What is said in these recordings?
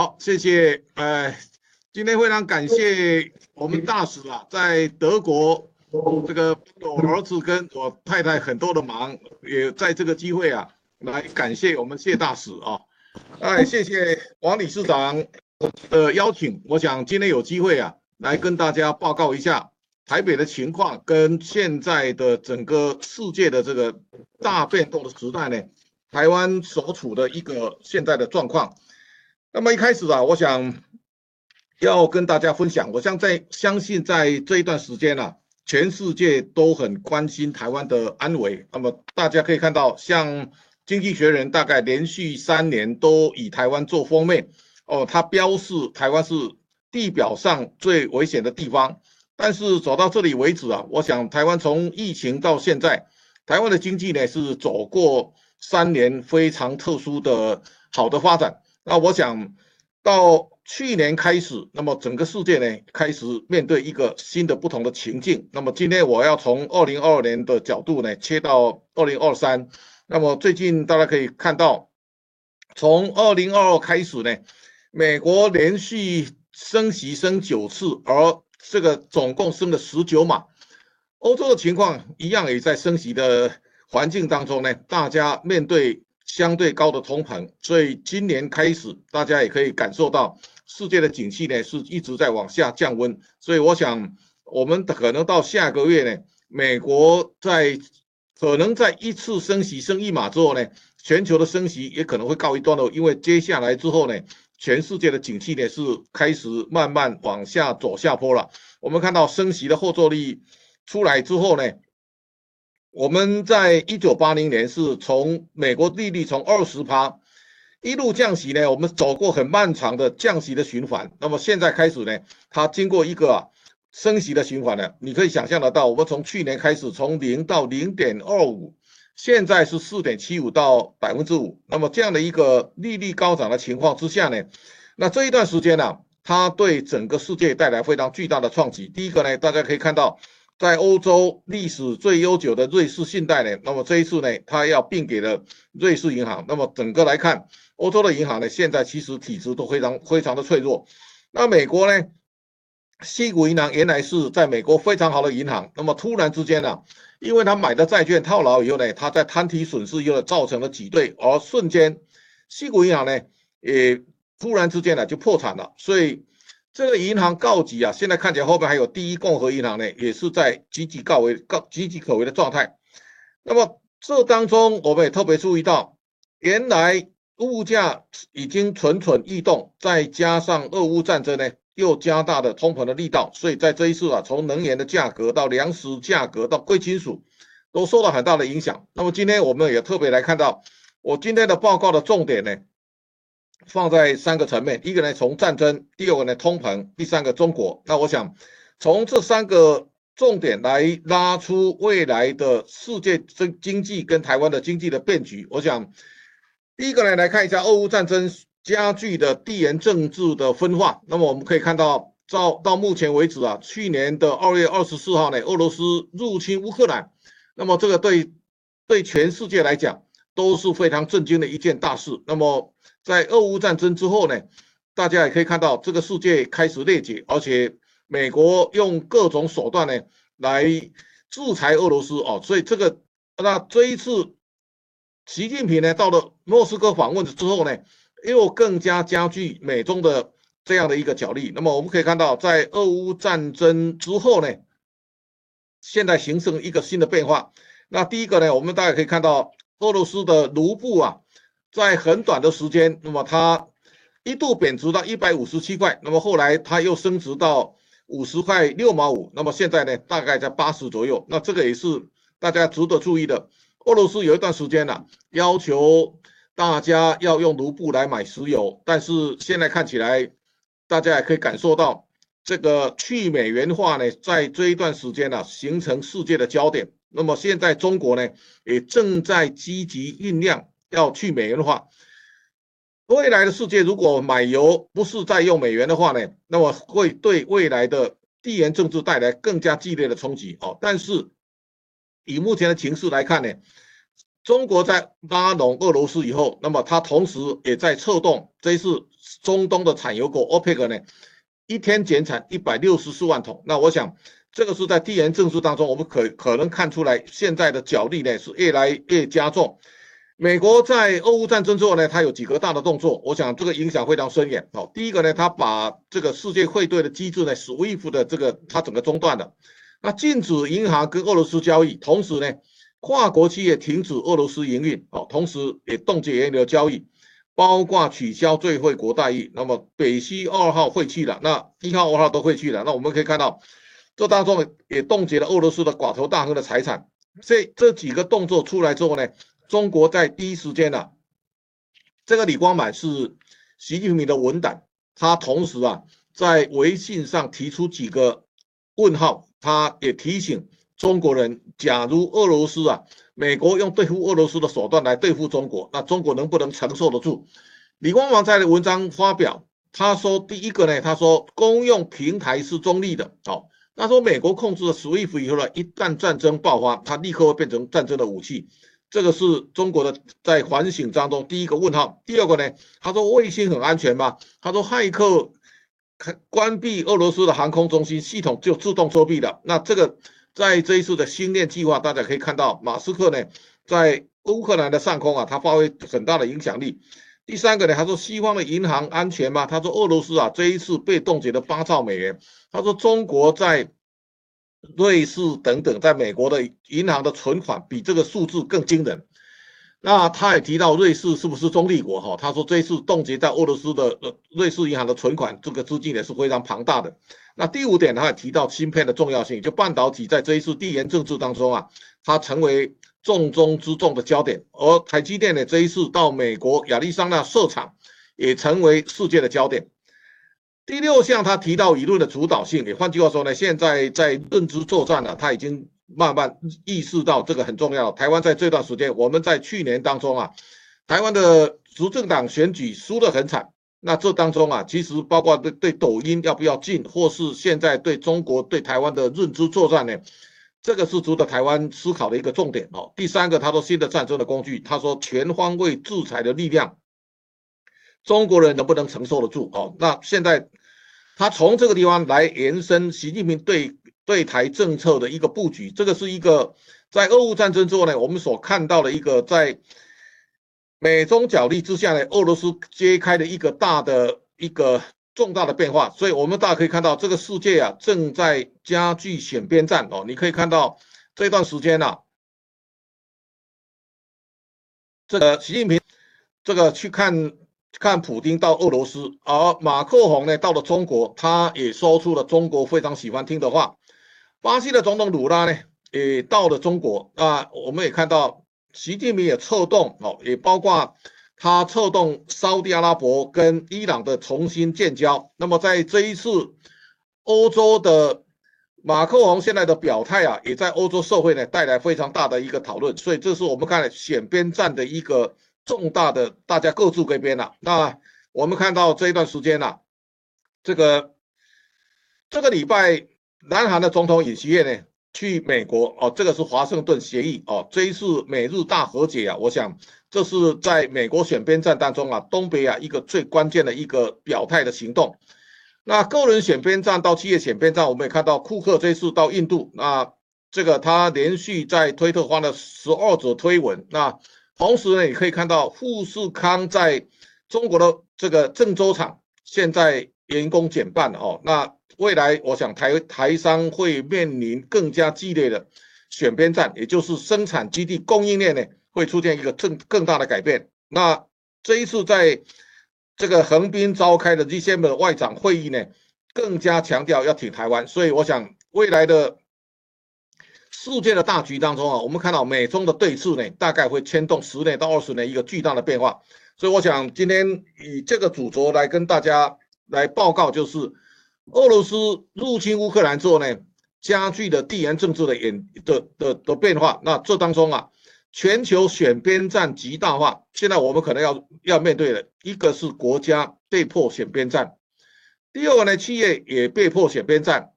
好，謝謝。哎、呃，今天非常感謝我們大使啊，在德國這個幫我兒子跟我太太很多的忙，也在這個機會啊，來感謝我們謝大使啊。哎、呃，謝謝王理事長的邀請。我想今天有機會啊，來跟大家報告一下台北的情況，跟現在的整個世界的這個大變動的時代呢，台灣所處的一個現在的狀況。那麼一開始啊，我想要跟大家分享，我想在相信在這一段時間啊，全世界都很關心台灣的安危。那麼大家可以看到，像《經濟學人》大概連續三年都以台灣做封面，哦，它標示台灣是地表上最危險的地方。但是走到這裡為止啊，我想台灣從疫情到現在，台灣的經濟呢是走過三年非常特殊的好的發展。那我想到去年開始，那麼整個世界呢開始面對一個新的不同的情境。那麼今天我要從二零二二年的角度呢切到二零二三。那麼最近大家可以看到，從二零二二開始呢，美國連續升息升九次，而這個總共升了十九碼。歐洲的情況一樣，也在升息的環境當中呢，大家面對相對高的通膨，所以今年開始，大家也可以感受到世界的景氣呢，是一直在往下降溫。所以我想，我們可能到下個月呢，美國在可能在一次升息升一碼之後呢，全球的升息也可能會告一段落，因為接下來之後呢，全世界的景氣呢是開始慢慢往下走下坡了。我們看到升息的後坐力出來之後呢。我們在一九八零年是從美國利率，從二十趴一路降息呢，我們走過很漫長的降息的循環。那麼現在開始呢，它經過一個、啊、升息的循環呢，你可以想象得到，我們從去年開始，從零到零點二五，現在是四點七五到百分之五。那麼這樣的一個利率高漲的情況之下呢，那這一段時間呢、啊，它對整個世界帶來非常巨大的創舉。第一個呢，大家可以看到。在歐洲歷史最悠久的瑞士信貸呢，那麼這一次呢，他要並給了瑞士銀行。那麼整個來看，歐洲的銀行呢，現在其實體質都非常非常的脆弱。那美國呢，矽谷銀行原來是在美國非常好的銀行，那麼突然之間呢、啊，因為他買的債券套牢以後呢，他在攤提損失又造成了擠兌，而瞬間矽谷銀行呢，也突然之間呢就破產了。所以。這個銀行告急啊！現在看起來後邊還有第一共和銀行呢，也是在岌岌告危、告岌岌可危的狀態。那麼這當中，我們也特別注意到，原來物價已經蠢蠢欲動，再加上俄烏戰爭呢，又加大的通膨的力道，所以在這一次啊，從能源的價格到糧食價格到貴金屬，都受到很大的影響。那麼今天我們也特別來看到，我今天的報告的重點呢。放在三個層面，一個呢從戰爭，第二個呢通膨，第三個中國。那我想從這三個重點來拉出未來的世界經經濟跟台灣的經濟的變局。我想第一個呢來看一下俄烏戰爭加劇的地緣政治的分化。那麼我們可以看到，到到目前為止啊，去年的二月二十四號呢，俄羅斯入侵烏克蘭，那麼這個對對全世界來講都是非常震驚的一件大事。那麼在俄烏戰爭之後呢，大家也可以看到這個世界開始裂解，而且美國用各種手段呢來制裁俄羅斯哦，所以這個那這一次習近平呢到了莫斯科訪問之後呢，又更加加劇美中的這樣的一個角力。那麼我們可以看到，在俄烏戰爭之後呢，現在形成一個新的變化。那第一個呢，我們大家可以看到俄羅斯的盧布啊。在很短的時間，那麼它一度貶值到一百五十七塊，那麼後來它又升值到五十塊六毛五，那麼現在呢，大概在八十左右。那這個也是大家值得注意的。俄羅斯有一段時間啊，要求大家要用盧布來買石油，但是現在看起來，大家也可以感受到這個去美元化呢，在這一段時間呢啊，形成世界的焦點。那麼現在中國呢，也正在積極醞釀。要去美元的話，未來的世界如果買油不是在用美元的話呢，那麼會對未來的地緣政治帶來更加劇烈的衝擊哦。但是以目前的情勢來看呢，中國在拉攏俄羅斯以後，那麼它同時也在策動，這一次中東的產油國 OPEC 呢，一天減產一百六十四萬桶。那我想，這個是在地緣政治當中，我們可可能看出來現在的角力呢是越來越加重。美國在俄烏戰爭之後呢，它有幾個大的動作，我想這個影響非常深遠。好、哦，第一個呢，它把這個世界匯兌的機制呢，SWIFT 的這個它整個中斷了，那禁止銀行跟俄羅斯交易，同時呢，跨國企業停止俄羅斯營運，好、哦，同時也凍結原油交易，包括取消最惠國待遇。那麼北溪二號廢棄了，那一號二號都廢棄了。那我們可以看到，這當中也凍結了俄羅斯的寡頭大亨的財產。這這幾個動作出來之後呢？中國在第一時間呢，這個李光滿是習近平的文膽，他同時啊在微信上提出幾個問號，他也提醒中國人：假如俄羅斯啊，美國用對付俄羅斯的手段來對付中國，那中國能不能承受得住？李光滿在文章發表，他說：第一個呢，他說公用平台是中立的，好，他說美國控制了 SWIFT 以後呢，一旦戰爭爆發，它立刻會變成戰爭的武器。這個是中國的在反省當中，第一個問號。第二個呢，他說衛星很安全嗎？他說駭客關閉俄羅斯的航空中心系統就自動作弊了。那這個在這一次的星鏈計劃，大家可以看到，馬斯克呢在烏克蘭的上空啊，他發揮很大的影響力。第三個呢，他說西方的銀行安全嗎？他說俄羅斯啊這一次被凍結了八兆美元。他說中國在瑞士等等，在美國的銀行的存款比這個數字更驚人。那他也提到瑞士是不是中立國哈、啊？他說這一次凍結在俄羅斯的呃瑞士銀行的存款，這個資金也是非常龐大的。那第五點，他也提到芯片的重要性，就半導體在這一次地緣政治當中啊，它成為重中之重的焦點。而台積電的這一次到美國亞利桑那設廠，也成為世界的焦點。第六項，他提到輿論的主導性，也換句話說呢，現在在認知作戰啊，他已經慢慢意識到這個很重要。台灣在這段時間，我們在去年當中啊，台灣的執政黨選舉輸得很慘，那這當中啊，其實包括對對抖音要不要進，或是現在對中國對台灣的認知作戰呢，這個是值得台灣思考的一個重點哦、啊。第三個，他說新的戰爭的工具，他說全方位制裁的力量，中國人能不能承受得住哦、啊？那現在。他從這個地方來延伸習近平對對台政策的一個布局，這個是一個在俄烏戰爭之後呢，我們所看到的一個在美中角力之下呢，俄羅斯揭開了一個大的一個重大的變化。所以，我們大家可以看到，這個世界啊正在加劇選邊站哦。你可以看到這段時間啊。這個習近平這個去看。看普丁到俄羅斯、啊，而馬克宏呢到了中國，他也說出了中國非常喜歡聽的話。巴西的總統魯拉呢也到了中國、啊，那我們也看到習近平也策動哦、啊，也包括他策動沙烏地阿拉伯跟伊朗的重新建交。那麼在這一次歐洲的馬克宏現在的表態啊，也在歐洲社會呢帶來非常大的一個討論。所以這是我們看選邊站的一個。重大的，大家各自邊邊了。那我們看到這一段時間呢、啊，這個這個禮拜，南韓的總統尹錫悅呢去美國哦，這個是華盛頓協議哦，這一次美日大和解啊。我想這是在美國選邊站當中啊，東北亞一個最關鍵的一個表態的行動。那個人選邊站到企業選邊站，我們也看到庫克這一次到印度，啊這個他連續在推特花了十二則推文，那。同時呢，也可以看到富士康在中國的這個鄭州廠現在員工減半哦。那未來我想台台商會面臨更加激烈的選邊站，也就是生產基地供應鏈呢會出現一個更更大的改變。那這一次在這個橫濱召開的 G7 的外長會議呢，更加強調要挺台灣，所以我想未來的。世界的大局當中啊，我們看到美中的對峙呢，大概會牽動十年到二十年一個巨大的變化。所以我想今天以這個主軸來跟大家來報告，就是俄羅斯入侵烏克蘭之後呢，加劇的地緣政治的演的的的的變化。那這當中啊，全球選邊站極大化。現在我們可能要要面對的一個是國家被迫選邊站，第二個呢，企業也被迫選邊站，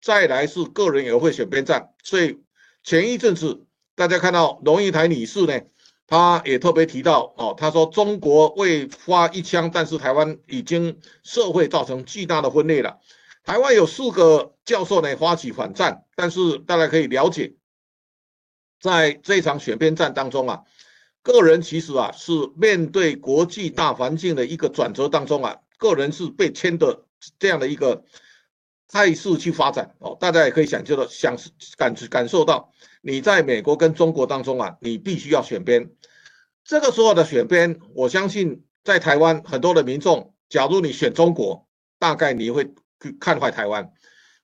再來是個人也會選邊站。所以。前一陣子，大家看到龍應台女士呢，她也特別提到哦、啊，她說中國未發一槍，但是台灣已經社會造成巨大的分裂了。台灣有四個教授呢發起反戰，但是大家可以了解，在這場選邊站當中啊，個人其實啊是面對國際大環境的一個轉折當中啊，個人是被牽的這樣的一個。態勢去發展哦，大家也可以想，就是想感感受到，你在美國跟中國當中啊，你必須要選邊。這個時候的選邊，我相信在台灣很多的民眾，假如你選中國，大概你會看壞台灣；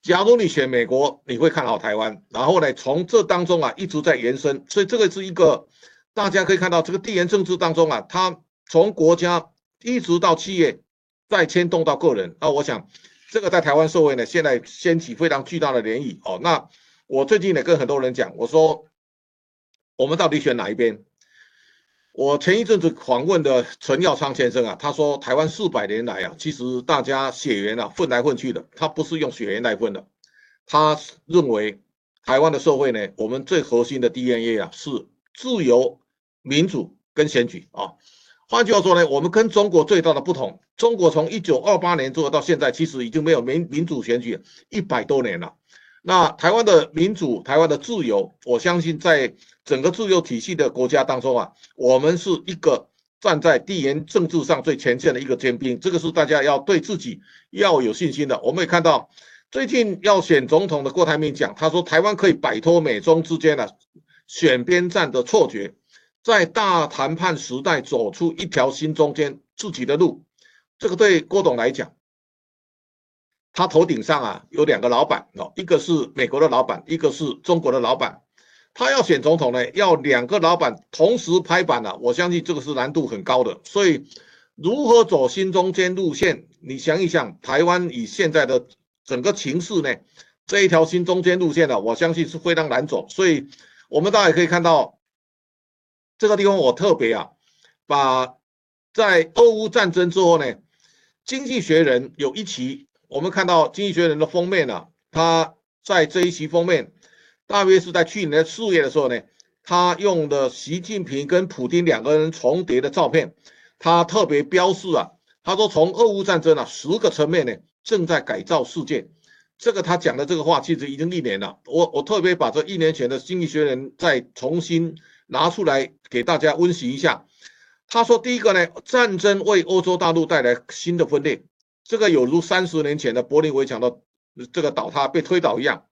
假如你選美國，你會看好台灣。然後呢，從這當中啊，一直在延伸，所以這個是一個大家可以看到，這個地緣政治當中啊，它從國家一直到企業，再牽動到個人。那我想。這個在台灣社會呢，現在掀起非常巨大的漣漪哦。那我最近呢，跟很多人講，我說我們到底選哪一邊？我前一陣子訪問的陳耀昌先生啊，他說台灣四百年來啊，其實大家血緣啊混來混去的，他不是用血緣來混的。他認為台灣的社會呢，我們最核心的 DNA 啊是自由、民主跟選舉啊。換句話說呢，我們跟中國最大的不同，中國從一九二八年做到現在，其實已經沒有民民主選舉一百多年了。那台灣的民主，台灣的自由，我相信在整個自由體系的國家當中啊，我們是一個站在地緣政治上最前線的一個尖兵，這個是大家要對自己要有信心的。我們也看到，最近要選總統的郭台銘講，他說台灣可以擺脫美中之間的、啊、選邊站的錯覺。在大談判時代走出一條新中間自己的路，這個對郭董來講，他頭頂上啊有兩個老闆哦，一個是美國的老闆，一個是中國的老闆，他要選總統呢，要兩個老闆同時拍板啊，我相信這個是難度很高的。所以，如何走新中間路線，你想一想，台灣以現在的整個情勢呢，這一條新中間路線呢、啊，我相信是非常難走。所以我們大家也可以看到。這個地方我特別啊，把在俄烏戰爭之後呢，《經濟學人》有一期，我們看到《經濟學人》的封面呢、啊，他在這一期封面，大約是在去年四月的時候呢，他用的習近平跟普丁兩個人重疊的照片，他特別標示啊，他說從俄烏戰爭啊，十個層面呢正在改造世界，這個他講的這個話其實已經一年了，我我特別把這一年前的《經濟學人》再重新。拿出來給大家溫習一下。他說，第一個呢，戰爭為歐洲大陸帶來新的分裂，這個有如三十年前的柏林圍牆的這個倒塌被推倒一樣。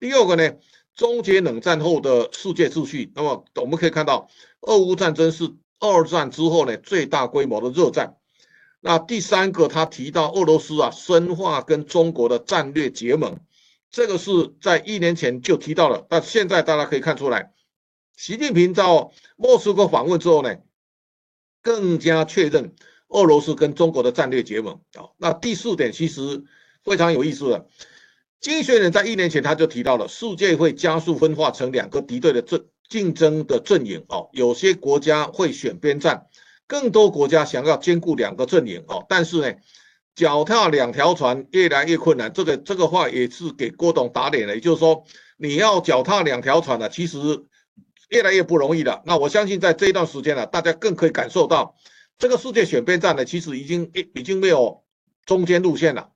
第二個呢，終結冷戰後的世界秩序。那麼我們可以看到，俄烏戰爭是二戰之後呢最大規模的熱戰。那第三個，他提到俄羅斯啊深化跟中國的戰略結盟，這個是在一年前就提到了，但現在大家可以看出來。習近平到莫斯科訪問之後呢，更加確認俄羅斯跟中國的戰略結盟啊。那第四點其實非常有意思啊。經濟學人在一年前他就提到了，世界會加速分化成兩個敵對的陣競爭的陣營，啊、有些國家會選邊站，更多國家想要兼顧兩個陣營，啊、但是呢，腳踏兩條船越來越困難。這個這個話也是給郭董打臉了，也就是說你要腳踏兩條船呢、啊、其實。越來越不容易了。那我相信，在這一段時間呢，啊，大家更可以感受到，這個世界選邊站呢，其實已經已已經沒有中間路線了。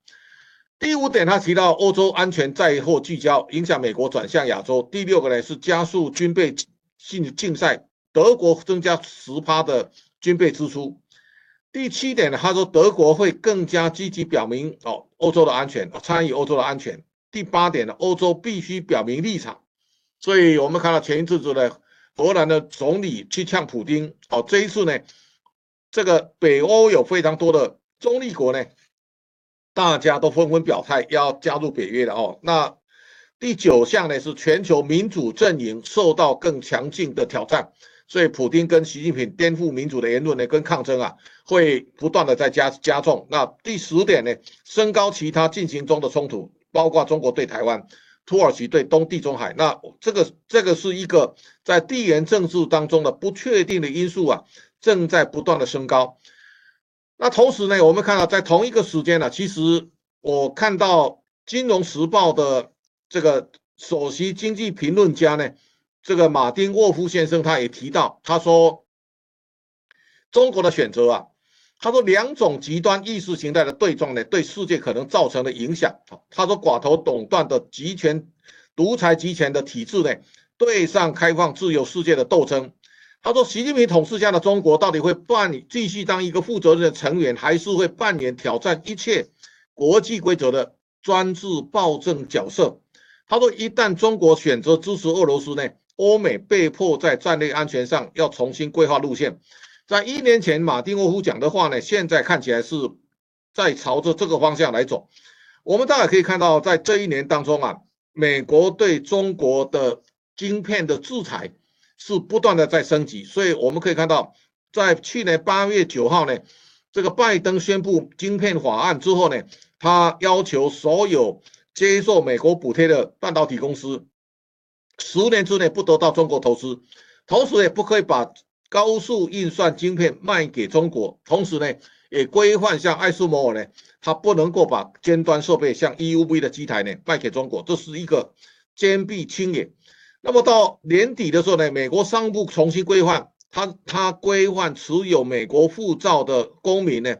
第五點，他提到歐洲安全在以後聚焦，影響美國轉向亞洲。第六個呢，是加速軍備競競賽，德國增加十趴的軍備支出。第七點呢，他說德國會更加積極表明哦歐洲的安全，參與歐洲的安全。第八點呢，歐洲必須表明立場。所以我們看到前一陣子呢，荷蘭的總理去嗆普丁哦，這一次呢，這個北歐有非常多的中立國呢，大家都紛紛表態要加入北約了哦。那第九項呢，是全球民主陣營受到更強勁的挑戰，所以普丁跟習近平顛覆民主的言論呢，跟抗爭啊，會不斷的在加加重。那第十點呢，升高其他進行中的衝突，包括中國對台灣。土耳其對東地中海，那這個這個是一個在地緣政治當中的不確定的因素啊，正在不斷的升高。那同時呢，我們看到在同一個時間呢，其實我看到《金融時報》的這個首席經濟評論家呢，這個馬丁沃夫先生他也提到，他說中國的選擇啊。他說，兩種極端意識形態的對撞呢，對世界可能造成的影響。他說，寡頭壟斷的集權、獨裁集權的體制呢，對上開放自由世界的鬥爭。他說，習近平統治下的中國到底會扮繼續當一個負責任的成員，還是會扮演挑戰一切國際規則的專制暴政角色？他說，一旦中國選擇支持俄羅斯呢，歐美被迫在戰略安全上要重新規劃路線。在一年前，馬丁沃夫講的話呢，現在看起來是在朝着這個方向來走。我們大家可以看到，在這一年當中啊，美國對中國的晶片的制裁是不斷的在升級。所以我們可以看到，在去年八月九號呢，這個拜登宣布晶片法案之後呢，他要求所有接受美國補貼的半導體公司，十年之內不得到中國投資，同時也不可以把高速運算晶片賣給中國，同時呢，也規範像艾司摩爾呢，它不能夠把尖端設備像 EUV 的機台呢賣給中國，這是一個堅壁清野。那麼到年底的時候呢，美國商務部重新規範，它、它規範持有美國護照的公民呢，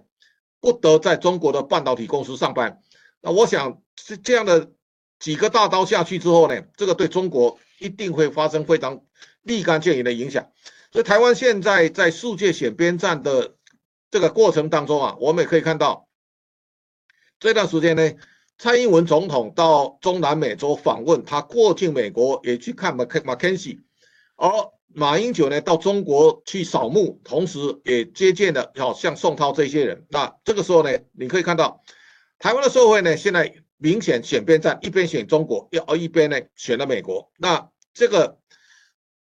不得在中國的半導體公司上班。那我想是這樣的幾個大刀下去之後呢，這個對中國一定會發生非常立竿見影的影響。所以台灣現在在世界選邊站的這個過程當中啊，我們也可以看到這段時間呢，蔡英文總統到中南美洲訪問，他過境美國也去看麥卡錫，而馬英九呢到中國去掃墓，同時也接見了像宋濤這些人。那這個時候呢，你可以看到台灣的社會呢，現在明顯選邊站，一邊選中國，要而一邊呢選了美國。那這個。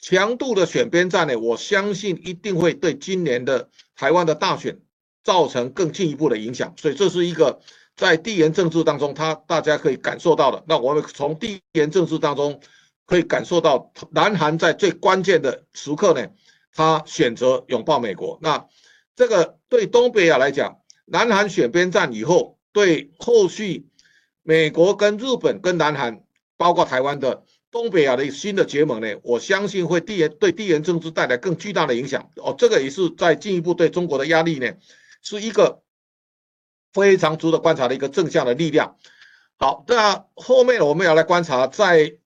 強度的選邊站呢，我相信一定會對今年的台灣的大選造成更進一步的影響。所以這是一個在地緣政治當中，他大家可以感受到的。那我們從地緣政治當中可以感受到，南韓在最關鍵的時刻呢，他選擇擁抱美國。那這個對東北亞來講，南韓選邊站以後，對後續美國跟日本跟南韓，包括台灣的。東北亞的新的結盟呢，我相信會地緣對地緣政治帶來更巨大的影響哦。這個也是在進一步對中國的壓力呢，是一個非常值得觀察的一個正向的力量。好，那後面我們要來觀察，在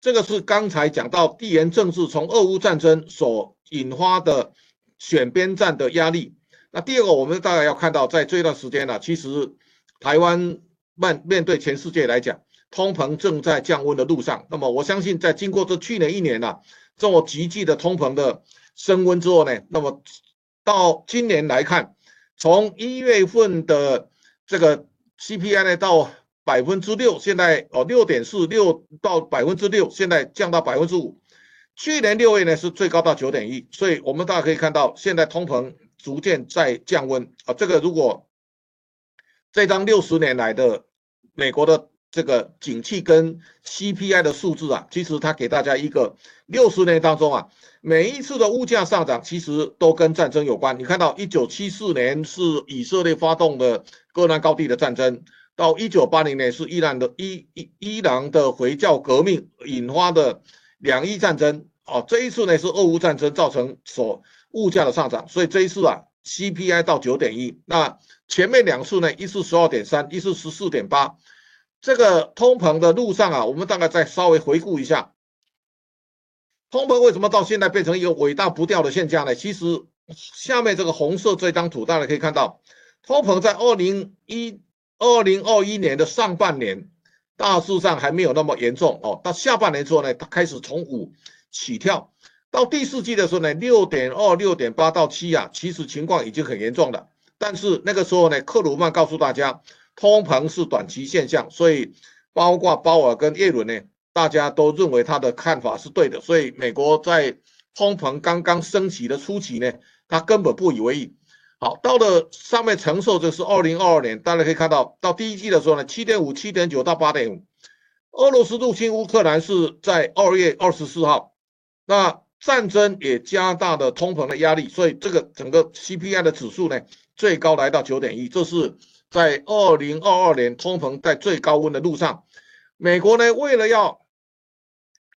這個是剛才講到地緣政治從俄烏戰爭所引發的選邊站的壓力。那第二個，我們大概要看到，在這段時間呢，其實台灣面對全世界來講。通膨正在降溫的路上，那麼我相信，在經過這去年一年呢、啊、這麼急劇的通膨的升溫之後呢，那麼到今年來看，從一月份的這個 CPI 呢到百分之六，現在哦六點四六到百分之六，現在降到百分之五。去年六月呢是最高到九點一，所以我們大家可以看到，現在通膨逐漸在降溫啊。這個如果這張六十年來的美國的。這個景氣跟 CPI 的數字啊，其實它給大家一個六十年當中啊，每一次的物價上漲其實都跟戰爭有關。你看到一九七四年是以色列發動的戈蘭高地的戰爭，到一九八零年是伊朗的伊伊伊朗的回教革命引發的兩伊戰爭啊，哦，這一次呢是俄烏戰爭造成所物價的上漲，所以這一次啊 CPI 到九點一，那前面兩次呢，一次十二點三，一次十四點八。這個通膨的路上啊，我們大概再稍微回顧一下，通膨為什麼到現在變成一個尾大不掉的現象呢？其實下面這個紅色這張圖，大家可以看到，通膨在二零一二零二一年的上半年，大致上還沒有那麼嚴重哦、啊。到下半年之後呢，它開始從五起跳，到第四季的時候呢，六點二、六點八到七啊，其實情況已經很嚴重了。但是那個時候呢，克魯曼告訴大家。通膨是短期現象，所以包括鮑爾跟耶倫呢，大家都認為他的看法是對的。所以美國在通膨剛剛升起的初期呢，他根本不以為意。好，到了上面承受就是二零二二年，大家可以看到，到第一季的時候呢，七點五、七點九到八點五。俄羅斯入侵烏克蘭是在二月二十四號，那戰爭也加大了通膨的壓力，所以這個整個 CPI 的指數呢，最高來到九點一，這是。在二零二二年，通膨在最高溫的路上，美國呢為了要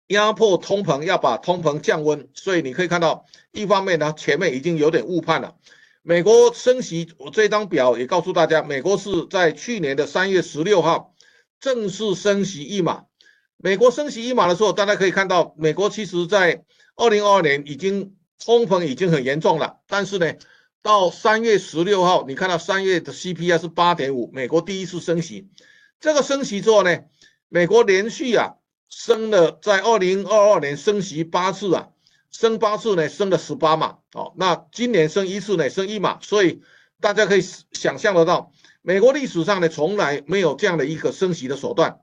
壓迫通膨，要把通膨降溫，所以你可以看到，一方面呢，前面已經有點誤判了。美國升息，我這張表也告訴大家，美國是在去年的三月十六號正式升息一碼。美國升息一碼的時候，大家可以看到，美國其實在二零二二年已經通膨已經很嚴重了，但是呢。到三月十六號，你看到三月的 CPI 是八點五，美國第一次升息。這個升息之後呢，美國連續啊升了，在二零二二年升息八次啊，升八次呢升了十八碼。哦，那今年升一次呢升一碼，所以大家可以想象得到，美國歷史上呢從來沒有這樣的一個升息的手段，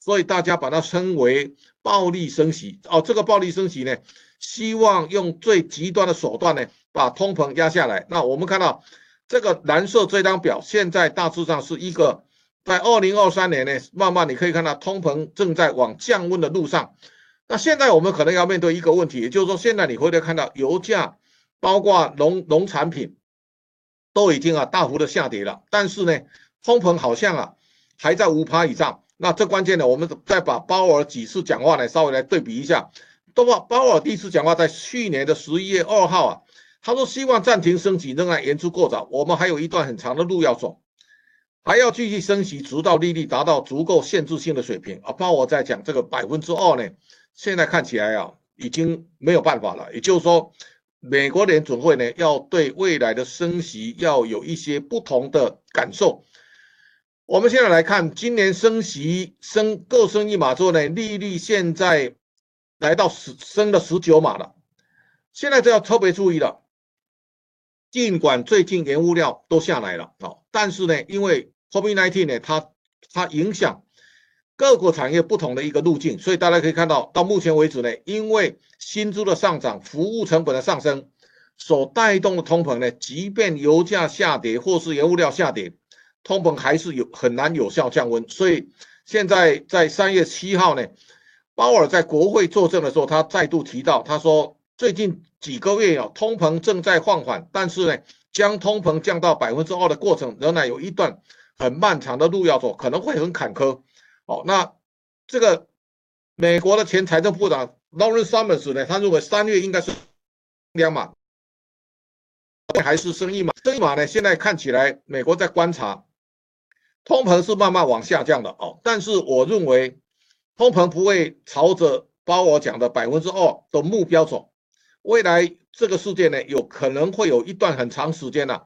所以大家把它稱為暴力升息。哦，這個暴力升息呢，希望用最極端的手段呢。把通膨壓下來。那我們看到這個藍色這張表，現在大致上是一個在二零二三年呢，慢慢你可以看到通膨正在往降溫的路上。那現在我們可能要面對一個問題，也就是說，現在你回頭看到油價，包括農農產品都已經啊大幅的下跌了，但是呢，通膨好像啊還在五趴以上。那最關鍵的，我們再把鮑爾幾次講話呢稍微來對比一下。那麼鮑爾第一次講話在去年的十一月二號啊。他說：“希望暫停升息，仍然言之過早，我們還有一段很長的路要走，還要繼續升息，直到利率達到足夠限制性的水平。”啊，包括我在講這個百分之二呢，現在看起來啊，已經沒有辦法了。也就是說，美國聯準會呢，要對未來的升息要有一些不同的感受。我們現在來看，今年升息升各升一碼之後呢，利率現在來到十升了十九碼了。現在這要特別注意了。儘管最近原物料都下來了啊，但是呢，因為 COVID-19 呢，它它影響各國產業不同的一個路徑，所以大家可以看到，到目前為止呢，因為薪資的上漲、服務成本的上升所帶動的通膨呢，即便油價下跌或是原物料下跌，通膨還是有很難有效降溫。所以現在在三月七號呢，鮑爾在國會作證的時候，他再度提到，他說最近幾個月哦、啊，通膨正在放緩，但是呢，將通膨降到百分之二的過程仍然有一段很漫長的路要走，可能會很坎坷。哦，那這個美國的前財政部長勞倫斯·薩默斯呢，他認為三月應該是兩碼，還是升一碼？升一碼呢？現在看起來，美國在觀察通膨是慢慢往下降的哦，但是我認為通膨不會朝着包括我講的百分之二的目標走。未來這個世界呢，有可能會有一段很長時間了啊。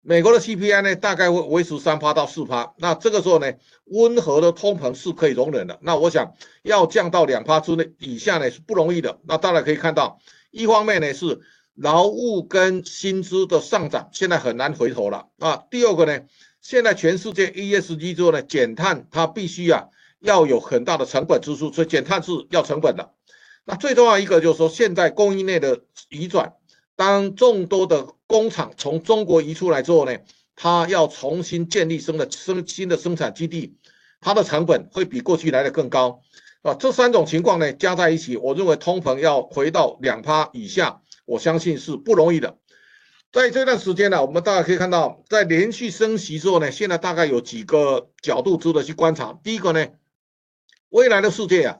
美國的 CPI 呢，大概會維持三趴到四趴。那這個時候呢，溫和的通膨是可以容忍的。那我想要降到兩趴之內以下呢，是不容易的。那當然可以看到，一方面呢是勞務跟薪資的上漲，現在很難回頭了啊。第二個呢，現在全世界 ESG 之後呢減碳，它必須啊要有很大的成本支出，所以減碳是要成本的。那最重要一個就是說，現在供應鏈的移轉，當眾多的工廠從中國移出來之後呢，它要重新建立生的生新的生產基地，它的成本會比過去來的更高，啊，這三種情況呢加在一起，我認為通膨要回到兩趴以下，我相信是不容易的。在這段時間呢，我們大家可以看到，在連續升息之後呢，現在大概有幾個角度值得去觀察。第一個呢，未來的世界啊。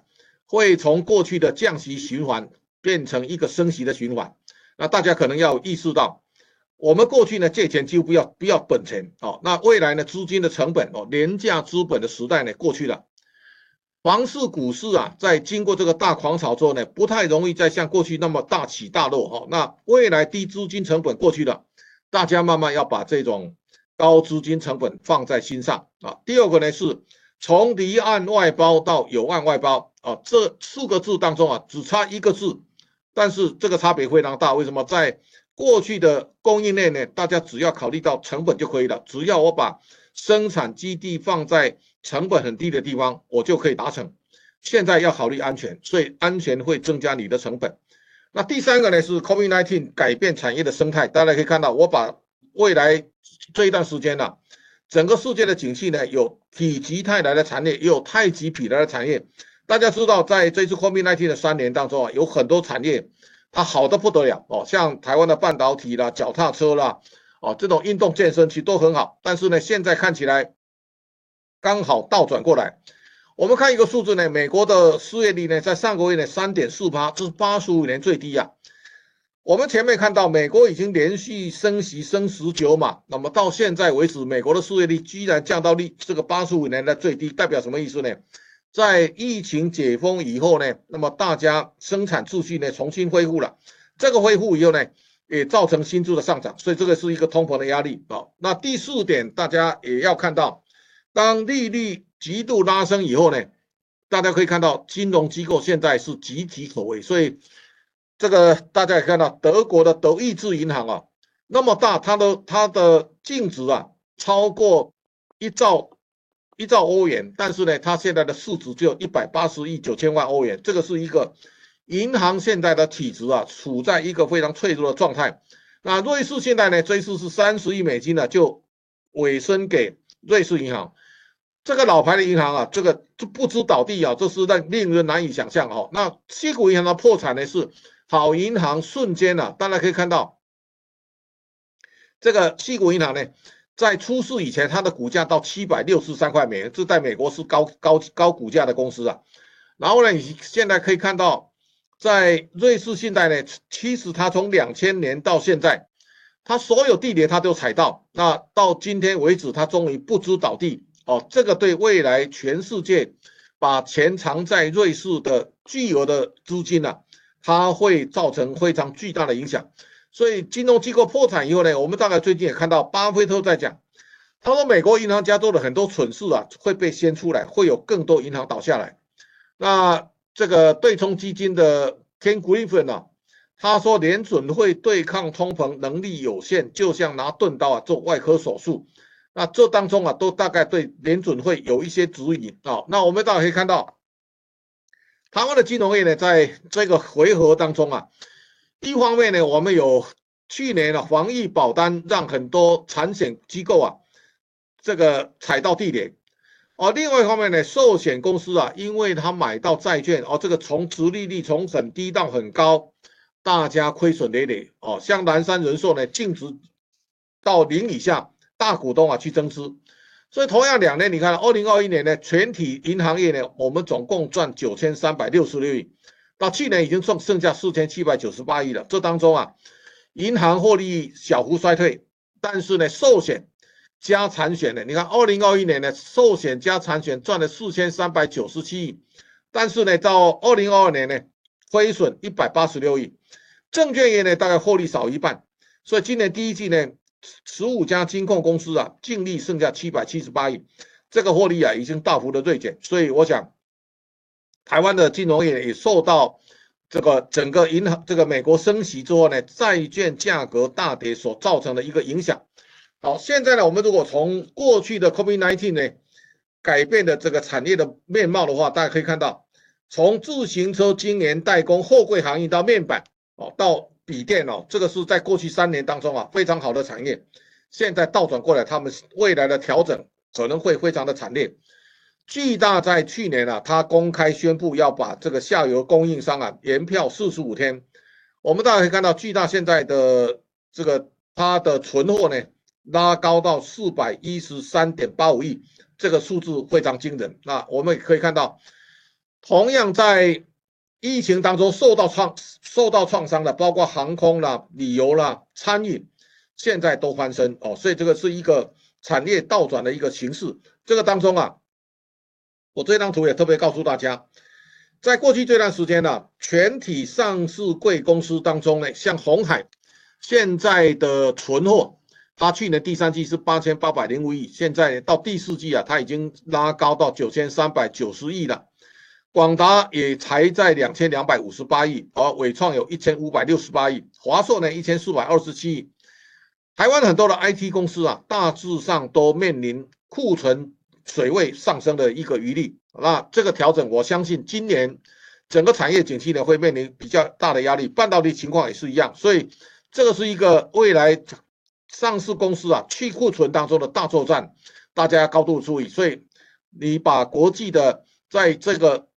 會從過去的降息循環變成一個升息的循環，那大家可能要意識到，我們過去呢借錢就不要不要本錢哦、啊，那未來呢資金的成本哦、啊、廉價資本的時代呢過去了，房市股市啊在經過這個大狂潮之後呢不太容易再像過去那麼大起大落哈、啊，那未來低資金成本過去了，大家慢慢要把這種高資金成本放在心上啊。第二個呢是從離岸外包到有岸外包。哦、啊，這四個字當中啊，只差一個字，但是這個差別非常大。為什麼在過去的供應鏈呢？大家只要考慮到成本就可以了。只要我把生產基地放在成本很低的地方，我就可以達成。現在要考慮安全，所以安全會增加你的成本。那第三個呢是 COVID-19 改變產業的生態。大家可以看到，我把未來這一段時間呢、啊，整個世界的景氣呢，有否極泰來的產業，也有泰極否來的產業。大家知道，在這次 COVID-19 的三年當中啊，有很多產業它好的不得了哦、啊，像台灣的半導體啦、腳踏車啦，哦，這種運動健身器都很好。但是呢，現在看起來剛好倒轉過來。我們看一個數字呢，美國的失業率呢，在上個月呢，三點四趴，這是八十五年最低啊。我們前面看到，美國已經連續升息升十九碼，那麼到現在為止，美國的失業率居然降到歷這個八十五年的最低，代表什麼意思呢？在疫情解封以後呢，那麼大家生產秩序呢重新恢復了，這個恢復以後呢，也造成薪資的上漲，所以這個是一個通膨的壓力啊、哦。那第四點，大家也要看到，當利率極度拉升以後呢，大家可以看到金融機構現在是岌岌可危，所以這個大家也看到德國的德意志銀行啊，那麼大，它的它的淨值啊超過一兆。一兆歐元，但是呢，它現在的市值只有一百八十億九千萬歐元，這個是一個銀行現在的體質啊，處在一個非常脆弱的狀態。那瑞士現在呢，這一次是三十億美金呢、啊，就委身給瑞士銀行，這個老牌的銀行啊，這個不支倒地啊，這是讓令人難以想象哦、啊。那矽谷銀行的破產呢，是好銀行瞬間呢、啊，大家可以看到這個矽谷銀行呢。在出事以前，它的股價到七百六十三塊美元，這在美國是高高高股價的公司啊。然後呢，你現在可以看到，在瑞士信貸呢，其實它從兩千年到現在，它所有地點它都踩到。那到今天為止，它終於不知倒地哦。啊，這個對未來全世界把錢藏在瑞士的巨額的資金啊，它會造成非常巨大的影響。所以金融機構破產以後呢，我們大概最近也看到巴菲特在講，他說美國銀行家做的很多蠢事啊，會被掀出來，會有更多銀行倒下來。那這個對沖基金的 Ken Griffin 呢、啊，他說聯準會對抗通膨能力有限，就像拿鈍刀啊做外科手術。那這當中啊，都大概對聯準會有一些指引啊。那我們大概可以看到，台灣的金融業呢，在這個回合當中啊，一方面呢，我們有去年的，啊、防疫保單，讓很多產險機構啊，這個踩到地雷哦；另外一方面呢，壽險公司啊，因為他買到債券，哦，這個從殖利率從很低到很高，大家虧損累累哦。像南山人壽呢，淨值到零以下，大股東啊去增資。所以同樣兩年，你看二零二一年呢，全體銀行業呢，我們總共賺九千三百六十六億。到去年已經剩剩下四千七百九十八億了。這當中啊，銀行獲利小幅衰退，但是呢，壽險、加產險呢，你看二零二一年呢，壽險加產險賺了四千三百九十七億，但是呢，到二零二二年呢，虧損一百八十六億。證券業呢，大概獲利少一半，所以今年第一季呢，十五家金控公司啊，淨利剩下七百七十八億，這個獲利啊，已經大幅的銳減。所以我想。台灣的金融業也受到這個整個銀行這個美國升息之後呢，債券價格大跌所造成的一個影響。好、哦，現在呢，我們如果從過去的 COVID-19 呢改變的這個產業的面貌的話，大家可以看到，從自行車、今年代工、貨櫃行業到面板哦，到筆電哦，這個是在過去三年當中啊非常好的產業，現在倒轉過來，他們未來的調整可能會非常的慘烈。巨大在去年啊，他公開宣布要把這個下游供應商啊延票四十五天。我們大家可以看到，巨大現在的這個它的存貨呢拉高到四百一十三點八五億，這個數字非常驚人。那我們也可以看到，同樣在疫情當中受到創受到創傷的，包括航空啦、旅遊啦、餐飲，現在都翻身哦。所以這個是一個產業倒轉的一個形勢。這個當中啊。我這張圖也特別告訴大家，在過去這段時間呢、啊，全體上市櫃公司當中呢，像鴻海現在的存貨，它去年第三季是八千八百零五億，現在到第四季啊，它已經拉高到九千三百九十億了。廣達也才在兩千兩百五十八億，而緯創有一千五百六十八億，華碩呢一千四百二十七億，台灣很多的 IT 公司啊，大致上都面臨庫存。水位上升的一個餘力，那這個調整，我相信今年整個產業景氣呢會面臨比較大的壓力，半導體情況也是一樣，所以這個是一個未來上市公司啊去庫存當中的大作戰，大家高度注意。所以你把國際的在這個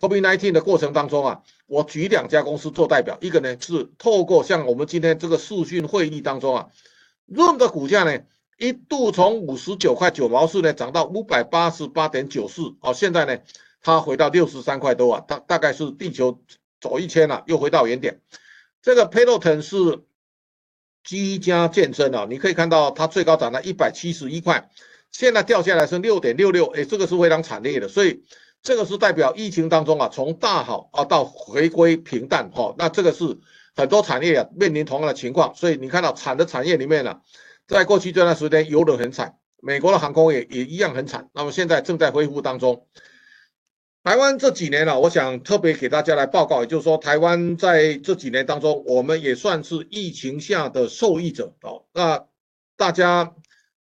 COVID-19 的過程當中啊，我舉兩家公司做代表，一個呢是透過像我們今天這個視訊會議當中啊，Zoom 的股價呢。一度從五十九塊九毛四呢漲到五百八十八點九四哦，現在呢它回到六十三塊多啊，大大概是地球走一圈了、啊，又回到原點。這個 Peloton 是居家健身啊，你可以看到它最高漲到一百七十一塊，現在掉下來是六點六六，哎，這個是非常慘烈的，所以這個是代表疫情當中啊從大好啊到回歸平淡哦，那這個是很多產業啊面臨同樣的情況，所以你看到產的產業裡面呢、啊。在過去這段時間，遊得很慘，美國的航空也也一樣很慘。那麼現在正在恢復當中。台灣這幾年啊，我想特別給大家來報告，也就是說，台灣在這幾年當中，我們也算是疫情下的受益者哦。那大家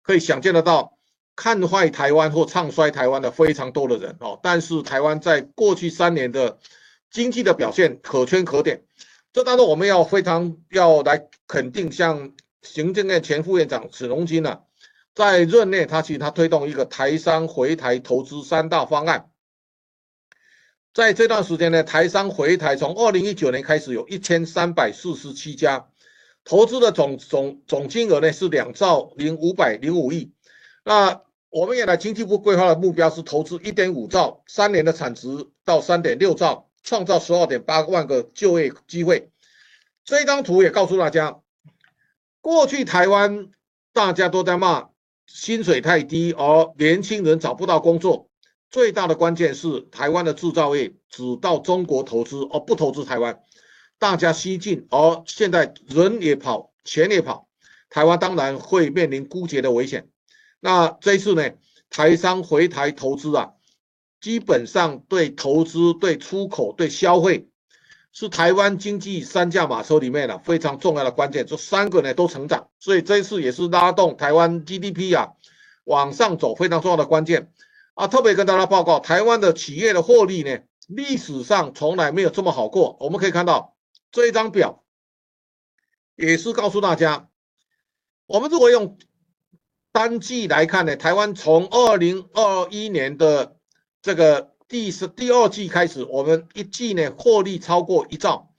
可以想見得到，看壞台灣或唱衰台灣的非常多的人哦。但是台灣在過去三年的經濟的表現可圈可點，這當中我們要非常要來肯定像。行政院前副院長沈榮津呢、啊，在任內，他其實他推動一個台商回台投資三大方案。在這段時間呢，台商回台從二零一九年開始，有一千三百四十七家，投資的總總總金額呢是兩兆零五百零五億。那我們原來經濟部規劃的目標是投資一點五兆，三年的產值到三點六兆，創造十二點八萬個就業機會。這張圖也告訴大家。過去台灣大家都在罵薪水太低，而年輕人找不到工作。最大的關鍵是台灣的製造業只到中國投資，而不投資台灣。大家西進，而現在人也跑，錢也跑，台灣當然會面臨枯竭的危險。那這次呢，台商回台投資啊，基本上對投資、對出口、對消費。是台灣經濟三駕馬車裡面的非常重要的關鍵，這三個呢都成長，所以這一次也是拉動台灣 GDP 啊往上走非常重要的關鍵啊。特別跟大家報告，台灣的企業的獲利呢，歷史上從來沒有這麼好過。我們可以看到這一張表，也是告訴大家，我們如果用單季來看呢，台灣從二零二一年的這個。第十第二季開始，我們一季呢獲利超過一兆，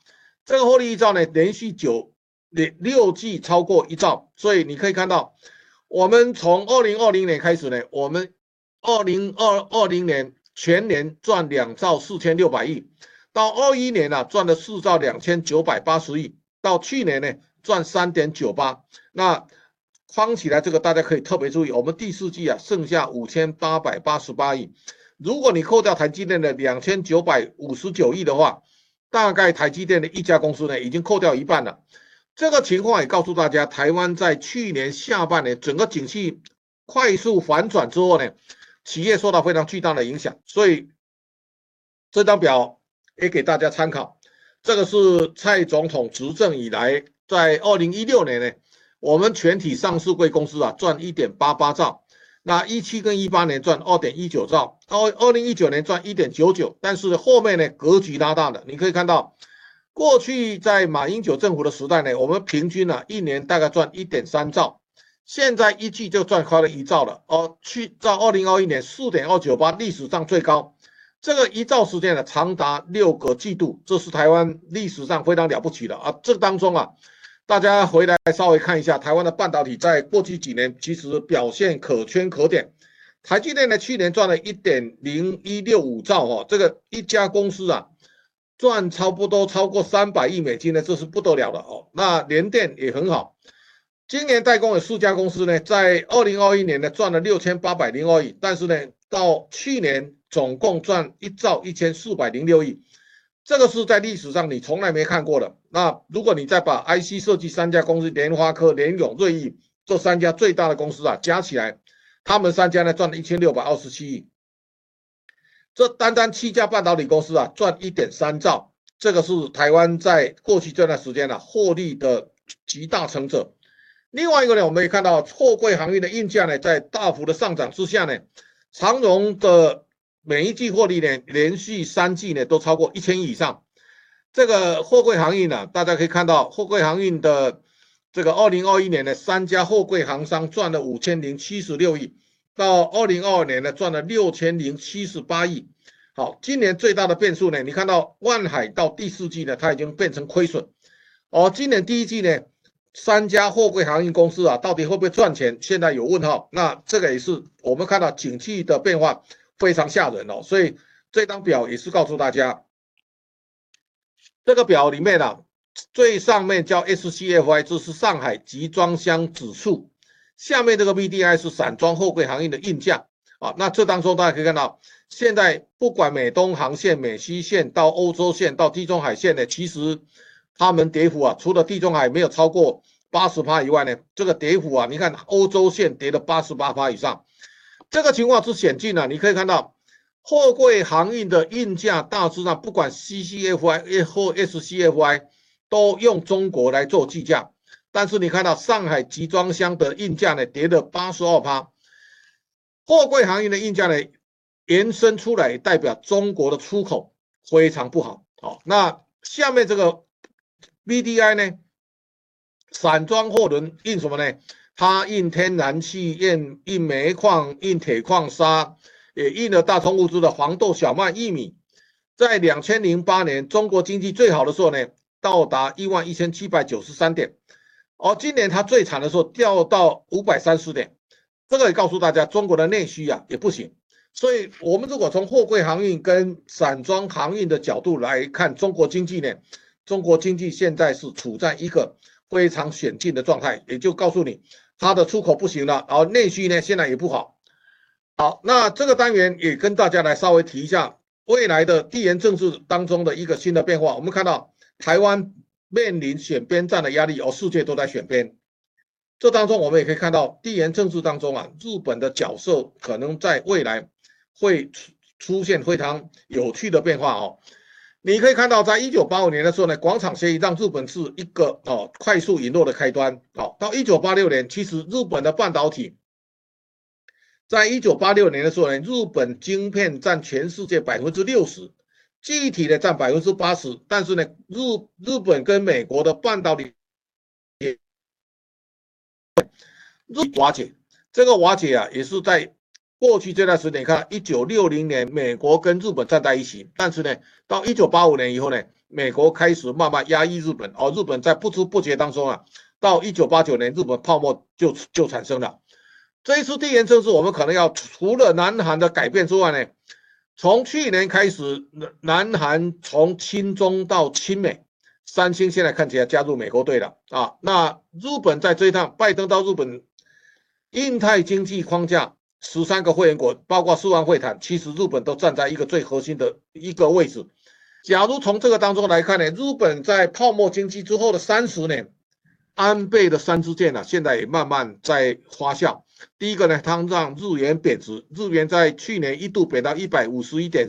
這個獲利一兆呢連續九連六季超過一兆，所以你可以看到，我們從二零二零年開始呢，我們二零二二零年全年賺兩兆四千六百億，到二一年呢，賺了四兆兩千九百八十億，到去年呢賺三點九八，那框起來這個大家可以特別注意，我們第四季啊剩下五千八百八十八億。如果你扣掉台積電的兩千九百五十九億的話，大概台積電的一家公司呢，已經扣掉一半了。這個情況也告訴大家，台灣在去年下半年整個景氣快速反轉之後呢，企業受到非常巨大的影響。所以這張表也給大家參考。這個是蔡總統執政以來，在二零一六年呢，我們全體上市櫃公司啊賺一點八八兆。那一七跟一八年賺二點一九兆，到二零一九年賺一點九九，但是後面呢，格局拉大了，你可以看到，過去在馬英九政府的時代呢，我們平均呢、啊、一年大概賺一點三兆，現在一季就賺快了一兆了，哦，去到二零二一年四點二九八，歷史上最高，這個一兆時間呢長達六個季度，這是台灣歷史上非常了不起的啊，這個、當中啊。大家回來稍微看一下，台灣的半導體在過去幾年其實表現可圈可點。台積電呢，去年賺了一點零一六五兆，哦，這個一家公司啊，賺差不多超過三百億美金呢，這是不得了的哦。那聯電也很好，今年代工有四家公司呢，在二零二一年呢賺了六千八百零二億，但是呢，到去年總共賺一兆一千四百零六億。這個是在歷史上你從來沒看過的。那如果你再把 IC 設計三家公司——聯發科、聯詠、瑞昱這三家最大的公司啊，加起來，他們三家呢賺了一千六百二十七億。這單單七家半導體公司啊賺一點三兆，這個是台灣在過去這段時間呢、啊、獲利的集大成者。另外一個呢，我們也看到貨櫃航運的運價呢在大幅的上漲之下呢，長榮的。每一季獲利呢，連續三季呢都超過一千億以上。這個貨櫃航運呢、啊，大家可以看到，貨櫃航運的這個二零二一年呢，三家貨櫃航商賺了五千零七十六億，到二零二二年呢賺了六千零七十八億。好，今年最大的變數呢，你看到萬海到第四季呢，它已經變成虧損。哦，今年第一季呢，三家貨櫃航運公司啊，到底會不會賺錢？現在有問號。那這個也是我們看到景氣的變化。非常嚇人哦，所以這張表也是告訴大家，這個表裡面啊，最上面叫 SCFI，就是上海集裝箱指數，下面這個 BDI 是散裝貨櫃行業的運價啊。那這當中大家可以看到，現在不管美東航線、美西線到歐洲線到地中海線呢，其實他們跌幅啊，除了地中海沒有超過八十趴以外呢，這個跌幅啊，你看歐洲線跌了八十八趴以上。這個情況是顯峻的，你可以看到，貨櫃航運的運價，大致上不管 CCFI 或 SCFI，都用中國來做計價。但是你看到上海集裝箱的運價呢，跌了八十二趴，貨櫃航運的運價呢，延伸出來代表中國的出口非常不好。好，那下面這個 BDI 呢，散裝貨輪運什麼呢？它印天然氣、印印煤礦、印鐵礦砂，也印了大宗物資的黃豆、小麥、玉米。在2008年中國經濟最好的時候呢，到達一萬一千七百九十三點，而、哦、今年它最慘的時候掉到五百三十點。這個也告訴大家，中國的內需啊也不行。所以，我們如果從貨櫃航運跟散裝航運的角度來看中國經濟呢，中國經濟現在是處在一個非常險峻的狀態，也就告訴你它的出口不行了，然後內需呢現在也不好。好，那這個單元也跟大家來稍微提一下未來的地緣政治當中的一個新的變化。我們看到台灣面臨選邊站的壓力，哦，世界都在選邊。這當中我們也可以看到地緣政治當中啊，日本的角色可能在未來會出出現非常有趣的變化哦。你可以看到，在一九八五年的時候呢，廣場協議讓日本是一個哦快速隕落的開端。好、哦，到一九八六年，其實日本的半導體，在一九八六年的時候呢，日本晶片佔全世界百分之六十，記憶體佔百分之八十。但是呢，日日本跟美國的半導體也瓦解，這個瓦解啊，也是在。過去這段時間，你看，一九六零年美國跟日本站在一起，但是呢，到一九八五年以後呢，美國開始慢慢壓抑日本，而、哦、日本在不知不覺當中啊，到一九八九年，日本泡沫就就產生了。這一次地緣政治，我們可能要除了南韓的改變之外呢，從去年開始，南南韓從親中到親美，三星現在看起來加入美國隊了啊。那日本在這一趟，拜登，到日本，印太經濟框架。十三個會員國，包括四萬會談，其實日本都站在一個最核心的一個位置。假如從這個當中來看呢，日本在泡沫經濟之後的三十年，安倍的三支箭呢，現在也慢慢在發酵。第一個呢，它讓日元貶值，日元在去年一度貶到一百五十一點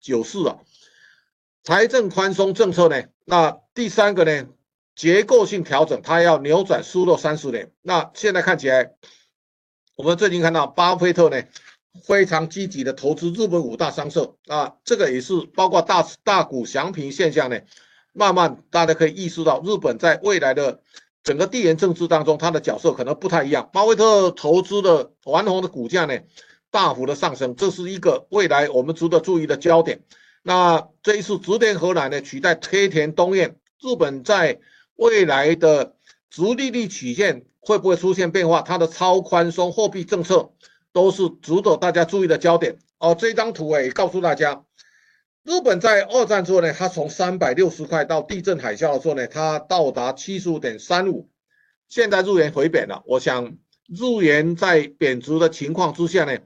九四啊。財政寬鬆政策呢，那第三個呢，結構性調整，它要扭轉輸入三十年，那現在看起來。我們最近看到巴菲特呢，非常積極的投資日本五大商社啊，這個也是包括大大谷翔平現象，呢，慢慢大家可以意識到日本在未來的整個地緣政治當中，它的角色可能不太一樣。巴菲特投資的丸紅的股價呢，大幅的上升，這是一個未來我們值得注意的焦點。那這一次植田和男呢，取代黑田東彥，日本在未來的殖利率曲線。會不會出現變化？它的超寬鬆貨幣政策都是值得大家注意的焦點哦。這張圖也告訴大家，日本在二戰之後呢，它從三百六十塊到地震海嘯的時候呢，它到達七十五點三五，現在日元回貶了。我想，日元在貶值的情況之下呢，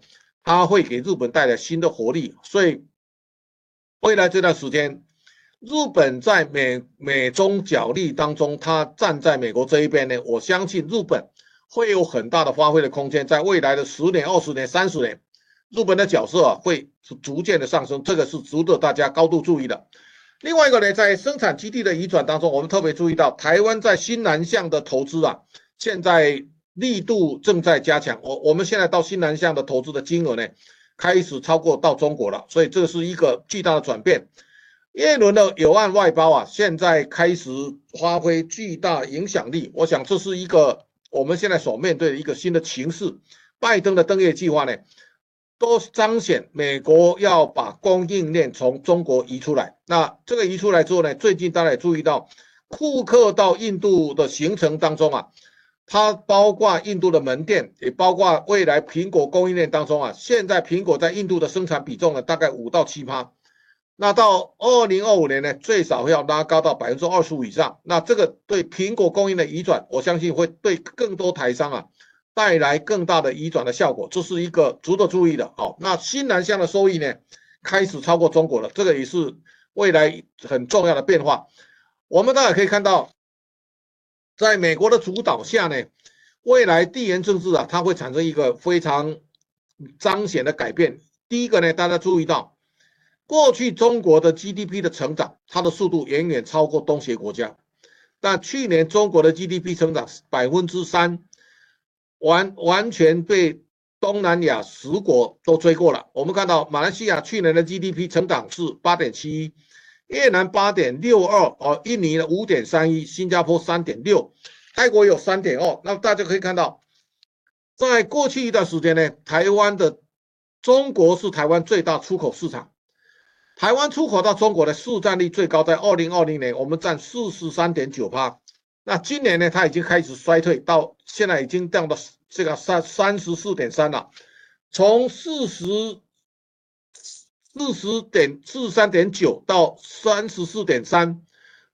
它會給日本帶來新的活力，所以未來這段時間，日本在美美中角力當中，它站在美國這一邊呢。我相信日本會有很大的發揮的空間，在未來的十年、二十年、三十年，日本的角色啊，會逐漸的上升，這個是值得大家高度注意的。另外一個呢，在生產基地的移轉當中，我們特別注意到台灣在新南向的投資啊，現在力度正在加強。我我們現在到新南向的投資的金額呢，開始超過到中國了，所以這是一個巨大的轉變。耶倫的友岸外包啊，現在開始發揮巨大影響力。我想這是一個我們現在所面對的一個新的形勢。拜登的登月計劃呢，都彰顯美國要把供應鏈從中國移出來。那這個移出來之後呢，最近大家也注意到，庫克到印度的行程當中啊，它包括印度的門店，也包括未來蘋果供應鏈當中啊。現在蘋果在印度的生產比重呢，大概五到七趴。那到二零二五年呢，最少要拉高到百分之二十五以上。那這個對蘋果供應的移轉，我相信會對更多台商啊帶來更大的移轉的效果，這，就是一個值得注意的。好，那新南向的收益呢，開始超過中國了，這個也是未來很重要的變化。我們大家可以看到，在美國的主導下呢，未來地緣政治啊，它會產生一個非常彰顯的改變。第一個呢，大家注意到。過去中國的 GDP 的成長，它的速度遠遠超過東協國家。但去年中國的 GDP 成長百分之三，完完全被東南亞十國都追過了。我們看到馬來西亞去年的 GDP 成長是八點七一，越南八點六二，呃，印尼的五點三一，新加坡三點六，泰國有三點二。那大家可以看到，在過去一段時間呢，台灣的，中國是台灣最大出口市場。台灣出口到中國的市占率最高在二零二零年，我們占四十三點九趴。那今年呢，它已經開始衰退，到現在已經降到這個三三十四點三了。從四十、四十點四三點九到三十四點三，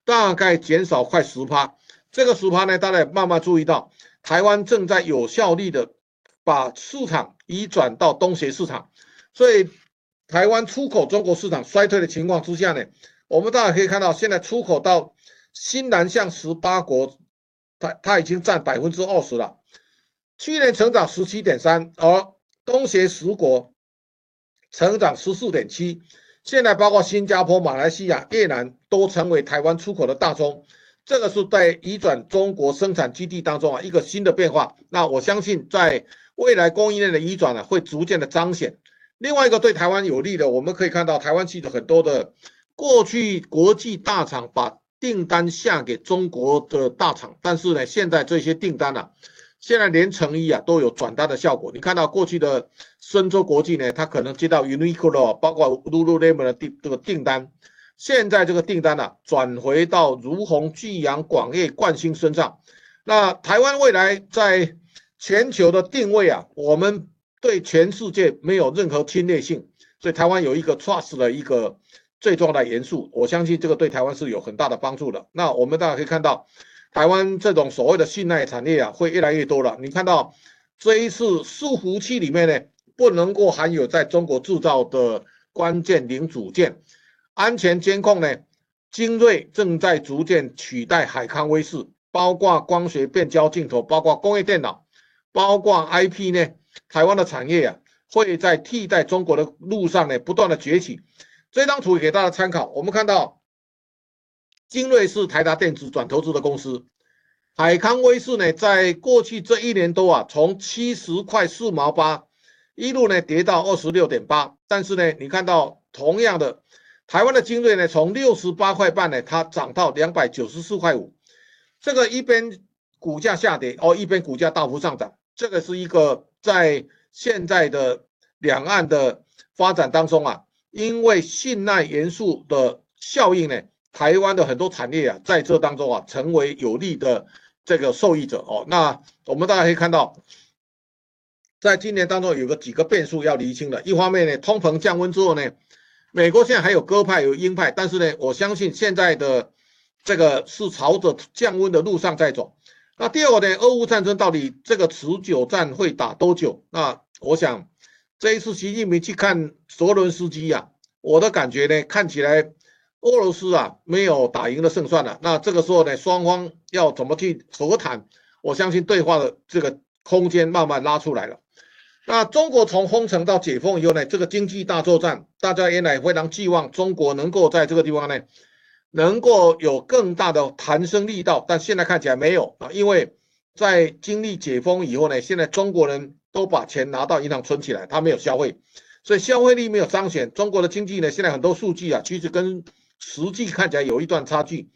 大概減少快十趴。這個十趴呢，大家也慢慢注意到，台灣正在有效率的把市場移轉到東協市場，所以。台灣出口中國市場衰退的情況之下呢，我們大家可以看到，現在出口到新南向十八國，它它已經占百分之二十了，去年成長十七點三，而東協十國成長十四點七，現在包括新加坡、馬來西亞、越南都成為台灣出口的大宗，這個是在移轉中國生產基地當中啊一個新的變化。那我相信，在未來供應鏈的移轉呢，啊，會逐漸的彰顯。另外一個對台灣有利的，我們可以看到，台灣其實很多的過去國際大廠把訂單下給中國的大廠，但是呢，現在這些訂單啊，現在連成衣啊都有轉單的效果。你看到過去的申洲國際呢，他可能接到 Uniqlo、包括 Lululemon 的訂這個訂單，現在這個訂單呢、啊、轉回到儒鴻、聚陽、廣越、冠星身上。那台灣未來在全球的定位啊，我們。對全世界沒有任何侵略性，所以台灣有一個 trust 的一個最重要的元素，我相信這個對台灣是有很大的幫助的。那我們大家可以看到，台灣這種所謂的信賴產業啊，會越來越多了。你看到這一次伺服器裡面呢，不能夠含有在中國制造的關鍵零組件。安全監控呢，精銳正在逐漸取代海康威視，包括光學變焦鏡頭，包括工業電腦，包括 IP 呢。台灣的產業啊，會在替代中國的路上呢，不斷的崛起。這張圖給大家參考，我們看到，晶睿是台達電子轉投資的公司，海康威視呢，在過去這一年多啊，從七十塊四毛八一路呢跌到二十六點八。但是呢，你看到同樣的，台灣的晶睿呢，從六十八塊半呢，它漲到兩百九十四塊五，這個一邊股價下跌哦，一邊股價大幅上漲，這個是一個。在現在的兩岸的發展當中啊，因為信賴元素的效應呢，台灣的很多產業啊，在這當中啊，成為有利的這個受益者哦。那我們大家可以看到，在今年當中有個幾個變數要釐清的。一方面呢，通膨降溫之後呢，美國現在還有鴿派有鷹派，但是呢，我相信現在的這個是朝着降溫的路上在走。那第二個呢？俄烏戰爭到底這個持久戰會打多久？那我想這一次習近平去看澤倫斯基呀、啊，我的感覺呢，看起來俄羅斯啊沒有打贏的勝算了、啊。那這個時候呢，雙方要怎麼去和談？我相信對話的這個空間慢慢拉出來了。那中國從封城到解封以後呢，這個經濟大作戰，大家原來非常寄望中國能夠在這個地方呢。能夠有更大的彈升力道，但現在看起來沒有啊，因為在經歷解封以後呢，現在中國人都把錢拿到銀行存起來，他沒有消費，所以消費力沒有彰顯。中國的經濟呢，現在很多數據啊，其實跟實際看起來有一段差距。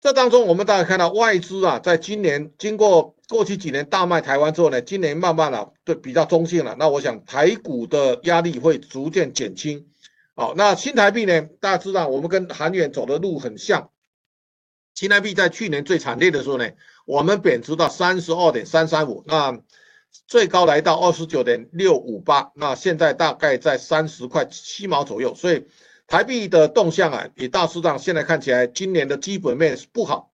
這當中我們大家看到外資啊，在今年經過過去幾年大賣台灣之後呢，今年慢慢的、啊、對比較中性了，那我想台股的壓力會逐漸減輕。好，那新台幣呢？大家知道，我們跟韓元走的路很像。新台幣在去年最慘烈的時候呢，我們貶值到三十二點三三五，那最高來到二十九點六五八，那現在大概在三十塊七毛左右。所以，台幣的動向啊，也大致上現在看起來，今年的基本面是不好，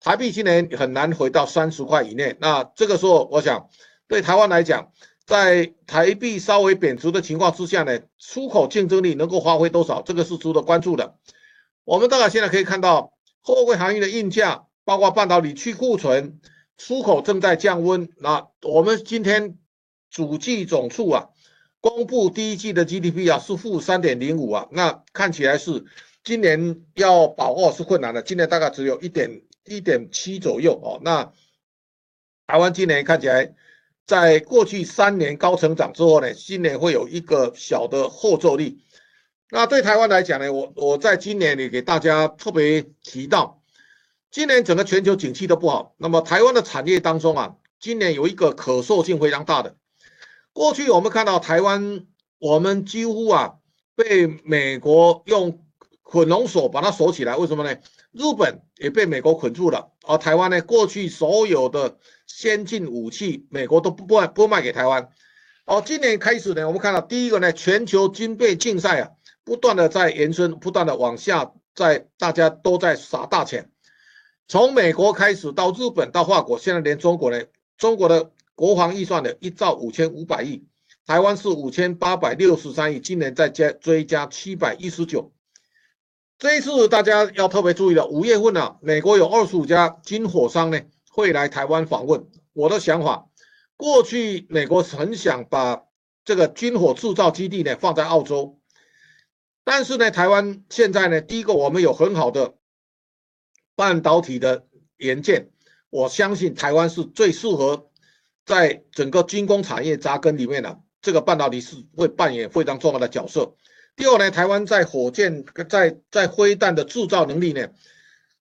台幣今年很難回到三十塊以內。那這個時候，我想對台灣來講。在台幣稍微貶值的情況之下呢，出口競爭力能夠發揮多少，這個是值得關注的。我們大概現在可以看到，貨櫃行業的運價，包括半導體去庫存，出口正在降溫。那我們今天主計總處啊，公布第一季的 GDP 啊是、是負三點零五啊。那看起來是今年要保二，是困難的。今年大概只有一點一點七左右哦、啊。那台灣今年看起來，在過去三年高成長之後呢，今年會有一個小的後坐力。那對台灣來講呢，我我在今年也給大家特別提到，今年整個全球景氣都不好。那麼台灣的產業當中啊，今年有一個可塑性非常大的。過去我們看到台灣，我們幾乎啊被美國用，捆龍鎖，把它鎖起來，為什麼呢？日本也被美國捆住了，而、啊、台灣呢？過去所有的先進武器，美國都不賣不賣給台灣。哦、啊，今年開始呢，我們看到第一個呢，全球軍備競賽啊，不斷的在延伸，不斷的往下，在大家都在撒大錢。從美國開始到日本到法國，現在連中國呢，中國的國防預算呢，一兆五千五百億，台灣是五千八百六十三億，今年再加追加七百一十九。這一次大家要特別注意了，五月份呢、啊，美國有二十五家軍火商呢會來台灣訪問。我的想法，過去美國很想把這個軍火製造基地呢放在澳洲，但是呢，台灣現在呢，第一個我們有很好的半導體的元件，我相信台灣是最適合在整個軍工產業扎根裡面的、啊，這個半導體是會扮演非常重要的角色。第二呢，台灣在火箭、在在飛彈的製造能力呢，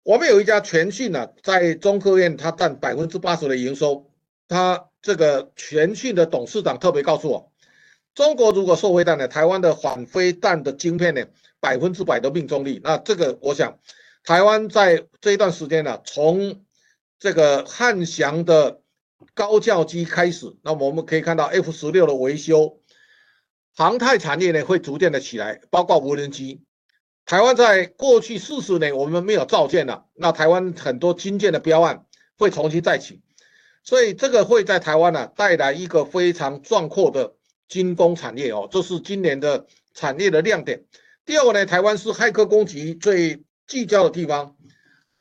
我們有一家全訊呢、啊，在中科院它佔百分之八十的營收，它這個全訊的董事長特別告訴我，中國如果射飛彈呢，台灣的反飛彈的晶片呢，百分之百的命中率。那這個我想，台灣在這一段時間呢、啊，從這個漢翔的高教機開始，那麼我們可以看到 F 十六的維修。航太產業呢，會逐漸的起來，包括無人機。台灣在過去四十年我們沒有造艦了，那台灣很多軍艦的標案會重新再起，所以這個會在台灣呢帶來一個非常壯闊的軍工產業哦，這是今年的產業的亮點。第二個呢，台灣是駭客攻擊最聚焦的地方。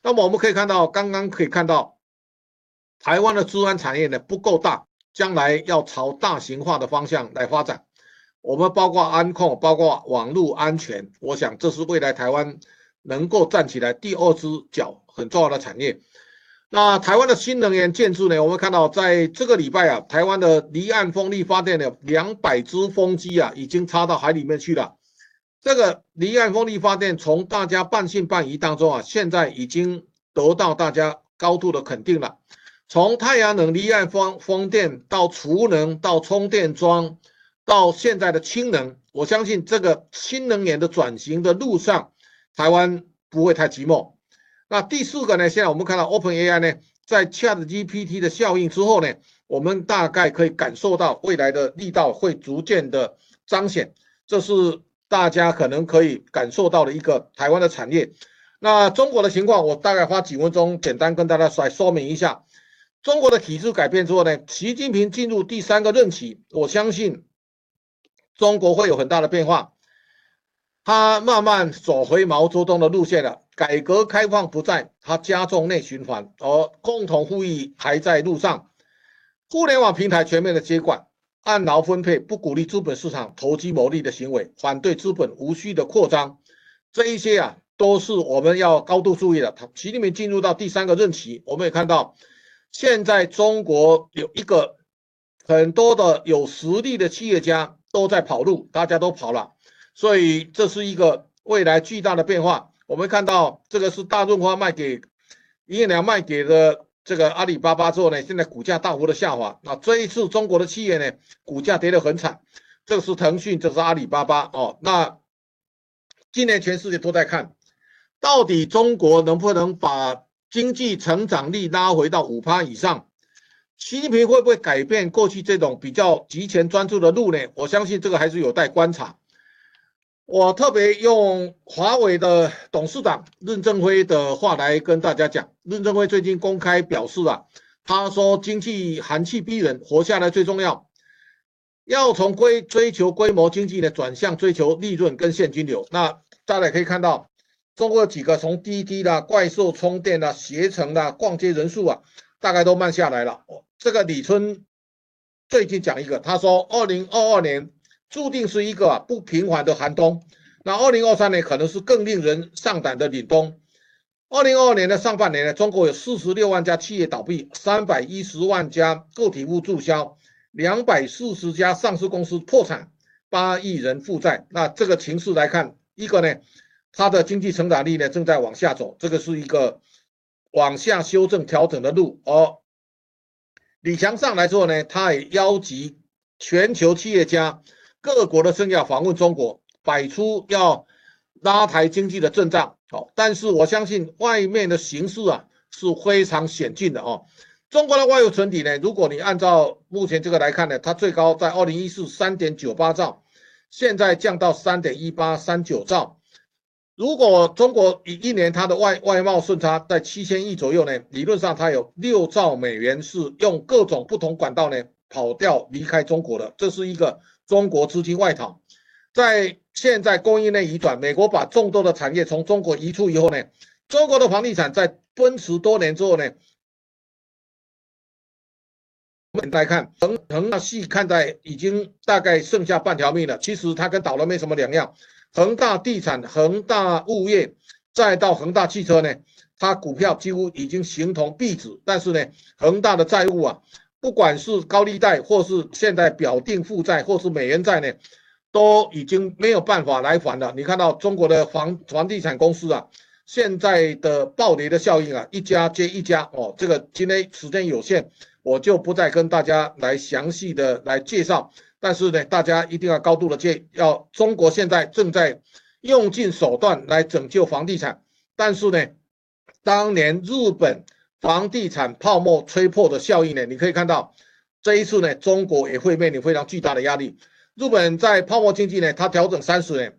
那麼我們可以看到，剛剛可以看到，台灣的資源產業呢不夠大，將來要朝大型化的方向來發展。我們包括安控，包括網絡安全，我想這是未來台灣能夠站起來第二隻腳很重要的產業。那台灣的新能源建置呢？我們看到在這個禮拜啊，台灣的離岸風力發電的兩百隻風機啊，已經插到海裡面去了。這個離岸風力發電從大家半信半疑當中啊，現在已經得到大家高度的肯定了。從太陽能、離岸風風電到儲能到充電樁。到現在的氫能，我相信這個新能源的轉型的路上，台灣不會太寂寞。那第四個呢，現在我們看到 OpenAI 呢，在 ChatGPT 的效應之後呢，我們大概可以感受到未來的力道會逐漸的彰顯，這是大家可能可以感受到的一個台灣的產業。那中國的情況，我大概花幾分鐘簡單跟大家來說明一下。中國的體制改變之後呢，習近平進入第三個任期，我相信。中國會有很大的變化，他慢慢走回毛澤東的路線了。改革開放不再，他加重內循環，而共同富裕還在路上。互聯網平台全面的接管，按勞分配，不鼓勵資本市場投機牟利的行為，反對資本無序的擴張。這一些啊，都是我們要高度注意的。習近平進入到第三個任期，我們也看到，現在中國有一個很多的有實力的企業家。都在跑路，大家都跑了，所以這是一個未來巨大的變化。我們看到這個是大潤發賣給億聯，業賣給的這個阿里巴巴之後呢，現在股價大幅的下滑。那這一次中國的企業呢，股價跌得很慘。這個是騰訊，這是阿里巴巴哦。那今年全世界都在看，到底中國能不能把經濟成長力拉回到五趴以上？習近平會不會改變過去這種比較極權專注的路呢？我相信這個還是有待觀察。我特別用華為的董事長任正非的話來跟大家講。任正非最近公開表示啊，他說經濟寒氣逼人，活下來最重要，要從規追求規模經濟的轉向追求利潤跟現金流。那大家也可以看到，中國幾個從滴滴啦、啊、怪獸充電啦、攜程啦、啊、逛街人數啊，大概都慢下來了。這個李春最近講一個，他說，二零二二年注定是一個、啊、不平凡的寒冬，那二零二三年可能是更令人上膽的凛冬。二零二二年的上半年呢，中國有四十六萬家企業倒閉，三百一十萬家個體戶注銷，兩百四十家上市公司破產，八億人負債。那這個情勢來看，一個呢，它的經濟成長力呢正在往下走，這個是一個往下修正調整的路，而。李強上來之後呢，他也邀集全球企業家、各國的政要訪問中國，擺出要拉抬經濟的陣仗。哦，但是我相信外面的形勢啊是非常險峻的哦。中國的外匯存底呢，如果你按照目前這個來看呢，它最高在二零一四三點九八兆，現在降到三點一八三九兆。如果中國一一年它的外外貿順差在七千億左右呢，理論上它有六兆美元是用各種不同管道呢跑掉離開中國的，這是一個中國資金外逃，在現在供應鏈移轉，美國把眾多的產業從中國移出以後呢，中國的房地產在奔馳多年之後呢，我們再看，很很要細看待，已經大概剩下半條命了，其實它跟倒了沒什麼兩樣。恆大地產、恆大物業，再到恆大汽車呢，它股票幾乎已經形同壁紙。但是呢，恆大的債務啊，不管是高利貸，或是現在表定負債，或是美元債呢，都已經沒有辦法來還了。你看到中國的房房地產公司啊，現在的暴雷的效應啊，一家接一家。哦，這個今天時間有限，我就不再跟大家來詳細的來介紹。但是呢，大家一定要高度的介意要。中國現在正在用盡手段來拯救房地產，但是呢，當年日本房地產泡沫吹破的效應呢，你可以看到這一次呢，中國也會面臨非常巨大的壓力。日本在泡沫經濟呢，它調整三十年。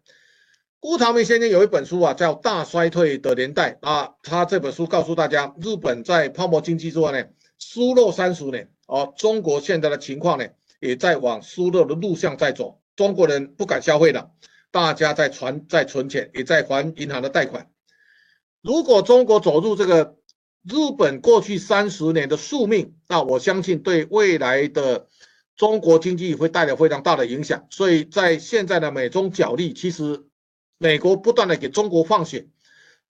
辜朝明先生有一本書啊，叫《大衰退的年代》啊，他這本書告訴大家，日本在泡沫經濟之後呢，輸落三十年。哦、啊，中國現在的情況呢？也在往失落的路上在走，中國人不敢消費了，大家在存，在存錢，也在還銀行的貸款。如果中國走入這個日本過去三十年的宿命，那我相信對未來的中國經濟會帶來非常大的影響。所以在現在的美中角力，其實美國不斷的給中國放血，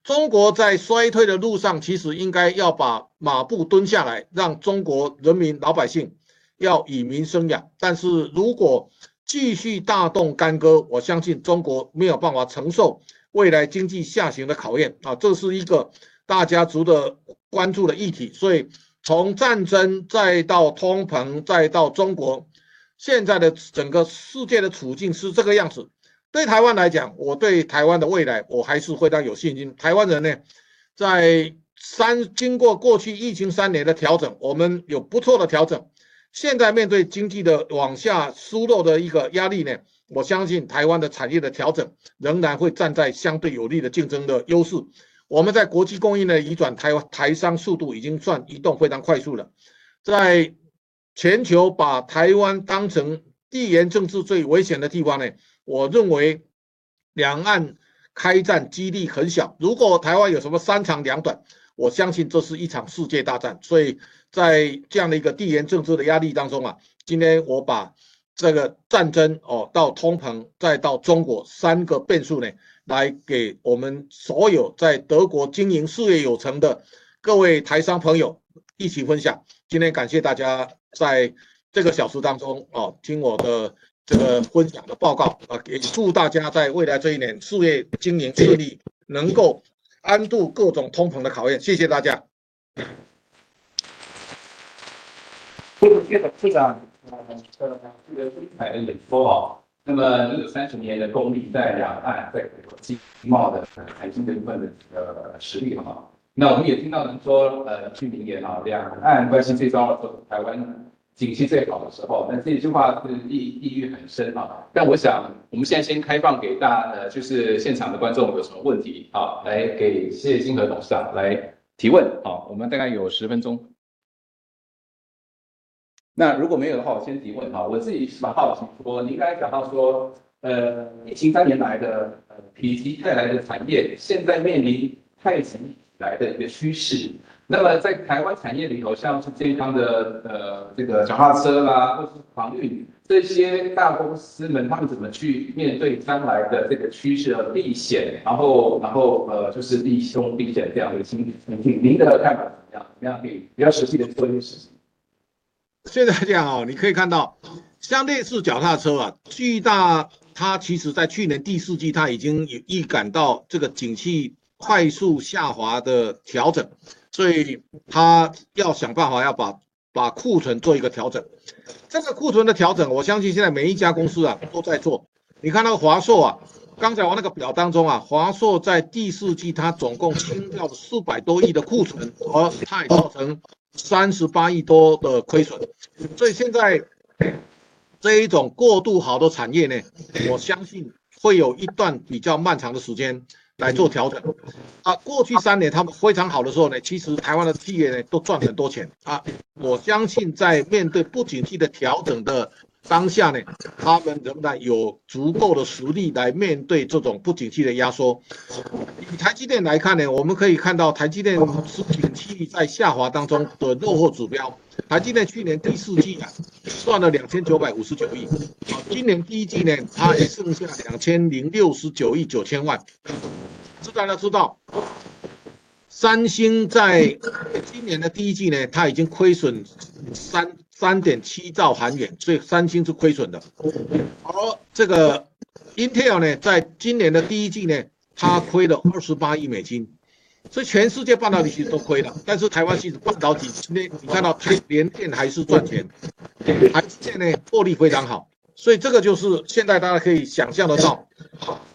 中國在衰退的路上，其實應該要把馬步蹲下來，讓中國人民老百姓。要以民生養，但是如果繼續大動干戈，我相信中國沒有辦法承受未來經濟下行的考驗啊！這是一個大家值得關注的議題。所以，從戰爭再到通膨，再到中國現在的整個世界的處境是這個樣子。對台灣來講，我對台灣的未來我還是非常有信心。台灣人呢，在三經過過去疫情三年的調整，我們有不錯的調整。現在面對經濟的往下輸漏的一個壓力呢，我相信台灣的產業的調整仍然會站在相對有利的競爭的優勢。我們在國際供應鏈移轉，台灣台商速度已經算移動非常快速了。在全球把台灣當成地緣政治最危險的地方呢，我認為兩岸開戰幾率很小。如果台灣有什麼三長兩短，我相信這是一場世界大戰。所以。在這樣的一個地緣政治的壓力當中啊，今天我把這個戰爭哦，到通膨，再到中國三個變數呢，來給我們所有在德國經營事業有成的各位台商朋友一起分享。今天感謝大家在這個小時當中哦、啊，聽我的這個分享的報告啊，也祝大家在未來這一年事業經營順利，能夠安度各種通膨的考驗。謝謝大家。謝董事長，呃、嗯，這個金海也說啊，那麼擁有三十年的功力在兩岸，在國際貿易的財經的一份的個實力哈。那我們也聽到人說，呃，去年也、啊、好，兩岸關係最糟，台灣景氣最好的時候，那這一句話是意意蘊很深哈、啊。但我想，我們現在先開放給大家呃，就是現場的觀眾有，有什麼問題啊，來給謝金河董事長來提問啊。我們大概有十分鐘。那如果沒有的話，我先提問哈，我自己蠻好奇說，說您剛才講到說，呃，疫情三年來的呃，體積帶來的產業，現在面臨太急來的一個趨勢，那麼在台灣產業裡頭，像是健康的呃這個腳踏車啦、啊，或是航運這些大公司們，他們怎麼去面對將來的這個趨勢和避險，然後然後呃就是避凶避險這樣的一個心理，您的看法怎麼樣？怎麼樣可以比較實際的做一些事情？現在這樣哦，你可以看到，像類似腳踏車啊，巨大，它其實在去年第四季，它已經預感到這個景氣快速下滑的調整，所以它要想辦法要把把庫存做一個調整。這個庫存的調整，我相信現在每一家公司啊都在做。你看那個華碩啊，剛才我那個表當中啊，華碩在第四季它總共清掉了四百多億的庫存，而它也造成。三十八億多的虧損，所以現在這一種過度好的產業呢，我相信會有一段比較漫長的時間來做調整。啊，過去三年他們非常好的時候呢，其實台灣的企業呢都賺很多錢。啊，我相信在面對不景氣的調整的。當下呢，他們仍然有足夠的實力來面對這種不景氣的壓縮。以台積電來看呢，我們可以看到台積電是景氣在下滑當中的落後指標。台積電去年第四季啊，賺了兩千九百五十九億，啊，今年第一季呢，它還剩下兩千零六十九億九千萬。這大家知道，三星在今年的第一季呢，它已經虧損三。三點七兆韓元，所以三星是虧損的。而這個 Intel 呢，在今年的第一季呢，它虧了二十八億美金。所以全世界半導體其實都虧了，但是台灣其實半導體，今天你看到台聯電還是賺錢，台積電呢，獲利非常好。所以這個就是現在大家可以想象得到，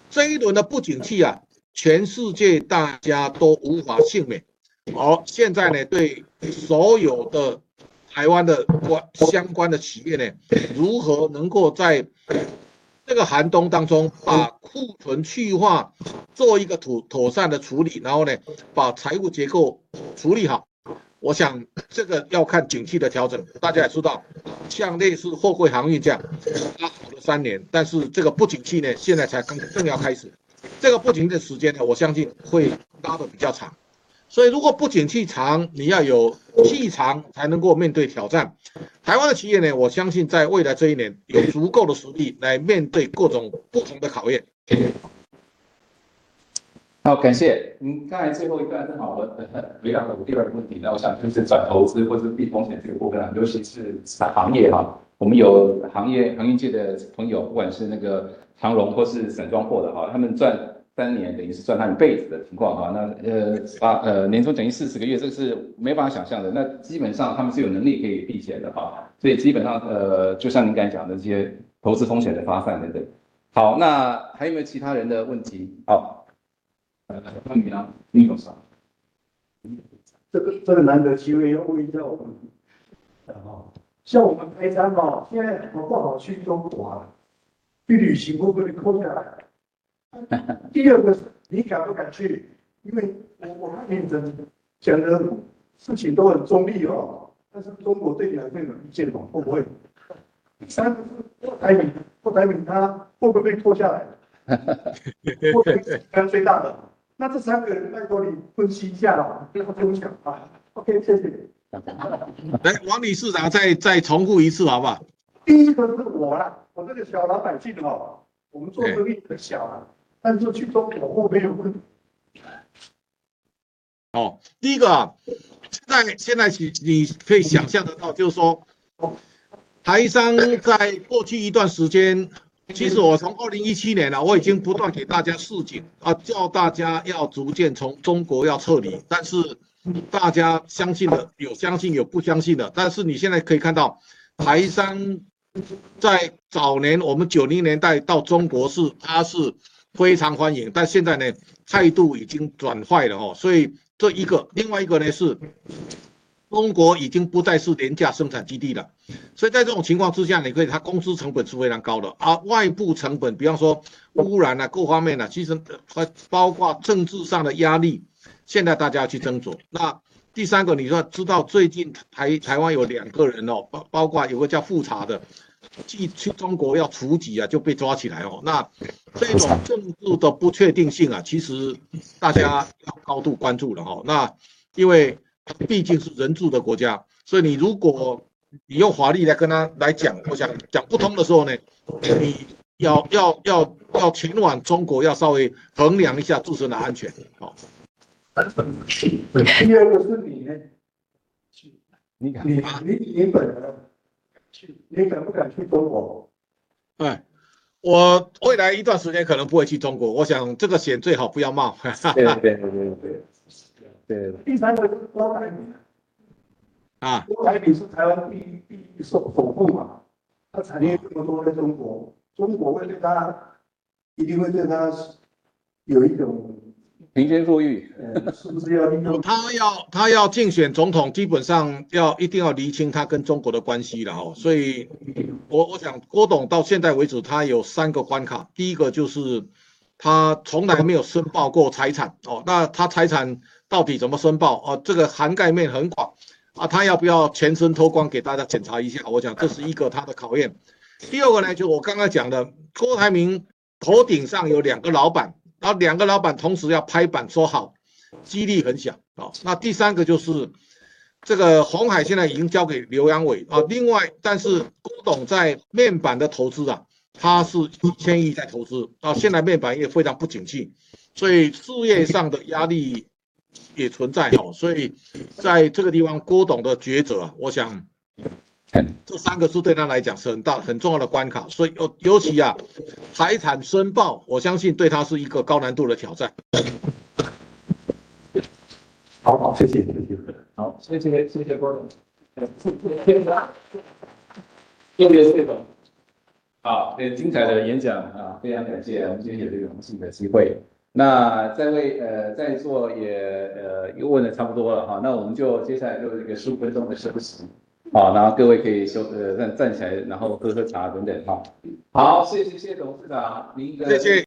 這一輪的不景氣啊，全世界大家都無法幸免。而現在呢，對所有的台灣的關相關的企業呢，如何能夠在這個寒冬當中把庫存去化，做一個妥妥善的處理，然後呢，把財務結構處理好。我想這個要看景氣的調整。大家也知道，像類似貨櫃航運這樣，它好了三年，但是這個不景氣呢，現在才更正要開始，這個不景氣的時間呢，我相信會拉得比較長。所以，如果不景氣長，你要有氣長才能夠面對挑戰。台灣的企業呢，我相信在未來這一年有足夠的實力來面對各種不同的考驗。好，感謝您。嗯，剛才最後一段是好的，回答了我第二個問題。我想就是轉投資或者避風險這個部分，尤其是行業哈，我們有行業行業界的朋友，不管是那個長榮或是散裝貨的哈，他們賺。三年等於是賺他一輩子的情況哈，那呃八，呃年終等於四十個月，這是沒辦法想象的。那基本上他們是有能力可以避險的哈，所以基本上呃，就像您剛才講的這些投資風險的分散等等。好，那還有沒有其他人的問題？好，呃，范宇陽，你有什麼、嗯、這個這個難得機會要問一下我們。啊，像我們開張、哦、現在我不好去中國、啊、去旅行去、啊，會不會扣下來？第二個是你敢不敢去？因為我我不認真，講的事情都很中立哦。但是中國對你還沒有意見嗎？會不會？第三個是郭台銘，郭台銘他會不會被拖下來？哈哈最大的。那這三個人拜托你分析一下了、啊，不要跟我講啊，啊。OK，謝謝。來，王理事長再再重複一次好不好？第一個是我啦、啊，我這個小老百姓哦、啊，我們做生意很小、啊但是去中國我沒有問題哦，第一個啊，現在現在你你可以想象得到，就是說，台商在過去一段時間，其實我從二零一七年了啊，我已經不斷給大家示警啊，叫大家要逐漸從中國要撤離。但是大家相信的有，相信有不相信的。但是你現在可以看到，台商在早年我們九零年代到中國是，它是。非常歡迎，但現在呢，態度已經轉壞了哦，所以這一個，另外一個呢是，中國已經不再是廉價生產基地了，所以在這種情況之下，你可以它工資成本是非常高的，而、啊、外部成本，比方說污染啊，各方面呢、啊，其實包括政治上的壓力，現在大家要去斟酌。那第三個，你說知道最近台台灣有兩個人哦，包包括有個叫富察的。去去中國要除級啊，就被抓起來哦。那這種政治的不確定性啊，其實大家要高度關注了哈、哦。那因為畢竟是人治的國家，所以你如果你用法律來跟他來講，我想講不通的時候呢，你要要要要前往中國要稍微衡量一下自身的安全啊。哦、本去，你敢不敢去中國？哎，我未來一段時間可能不會去中國。我想這個險最好不要冒。對對對對對。對。第三個是郭台銘。啊。郭台銘是台灣第一第一首首富嘛，他產業這麼多，在中國中國會對他一定會對他有一種。民間富裕是不是要，他要他要競選總統，基本上要一定要釐清他跟中國的關係了哦。所以我，我我想郭董到現在為止，他有三個關卡。第一個就是他從來沒有申報過財產哦，那他財產到底怎麼申報啊？這個涵蓋面很廣啊，他要不要全身脫光給大家檢查一下？我想這是一個他的考驗。第二個呢，就我剛剛講的，郭台銘頭頂上有兩個老板。然後兩個老闆同時要拍板說好，幾率很小啊、哦。那第三個就是這個鴻海現在已經交給劉揚偉啊。另外，但是郭董在面板的投資啊，他是一千億在投資啊。現在面板也非常不景氣，所以事業上的壓力也存在、哦、所以在這個地方，郭董的抉擇啊，我想。這三個是對他來講是很大很重要的關卡，所以尤尤其啊，財產申報，我相信對他是一個高難度的挑戰。好好，謝謝，謝謝。好，謝謝，謝謝郭總。謝謝天謝謝總。好，很精彩的演講啊，非常感謝，我們今天有這個榮幸的機會。那在位呃，在座也呃，又問的差不多了哈，那我們就接下來就這個十五分鐘的休息。好，然後各位可以休呃站站起來，然後喝喝茶等等哈。好，謝謝謝董事長，您的謝謝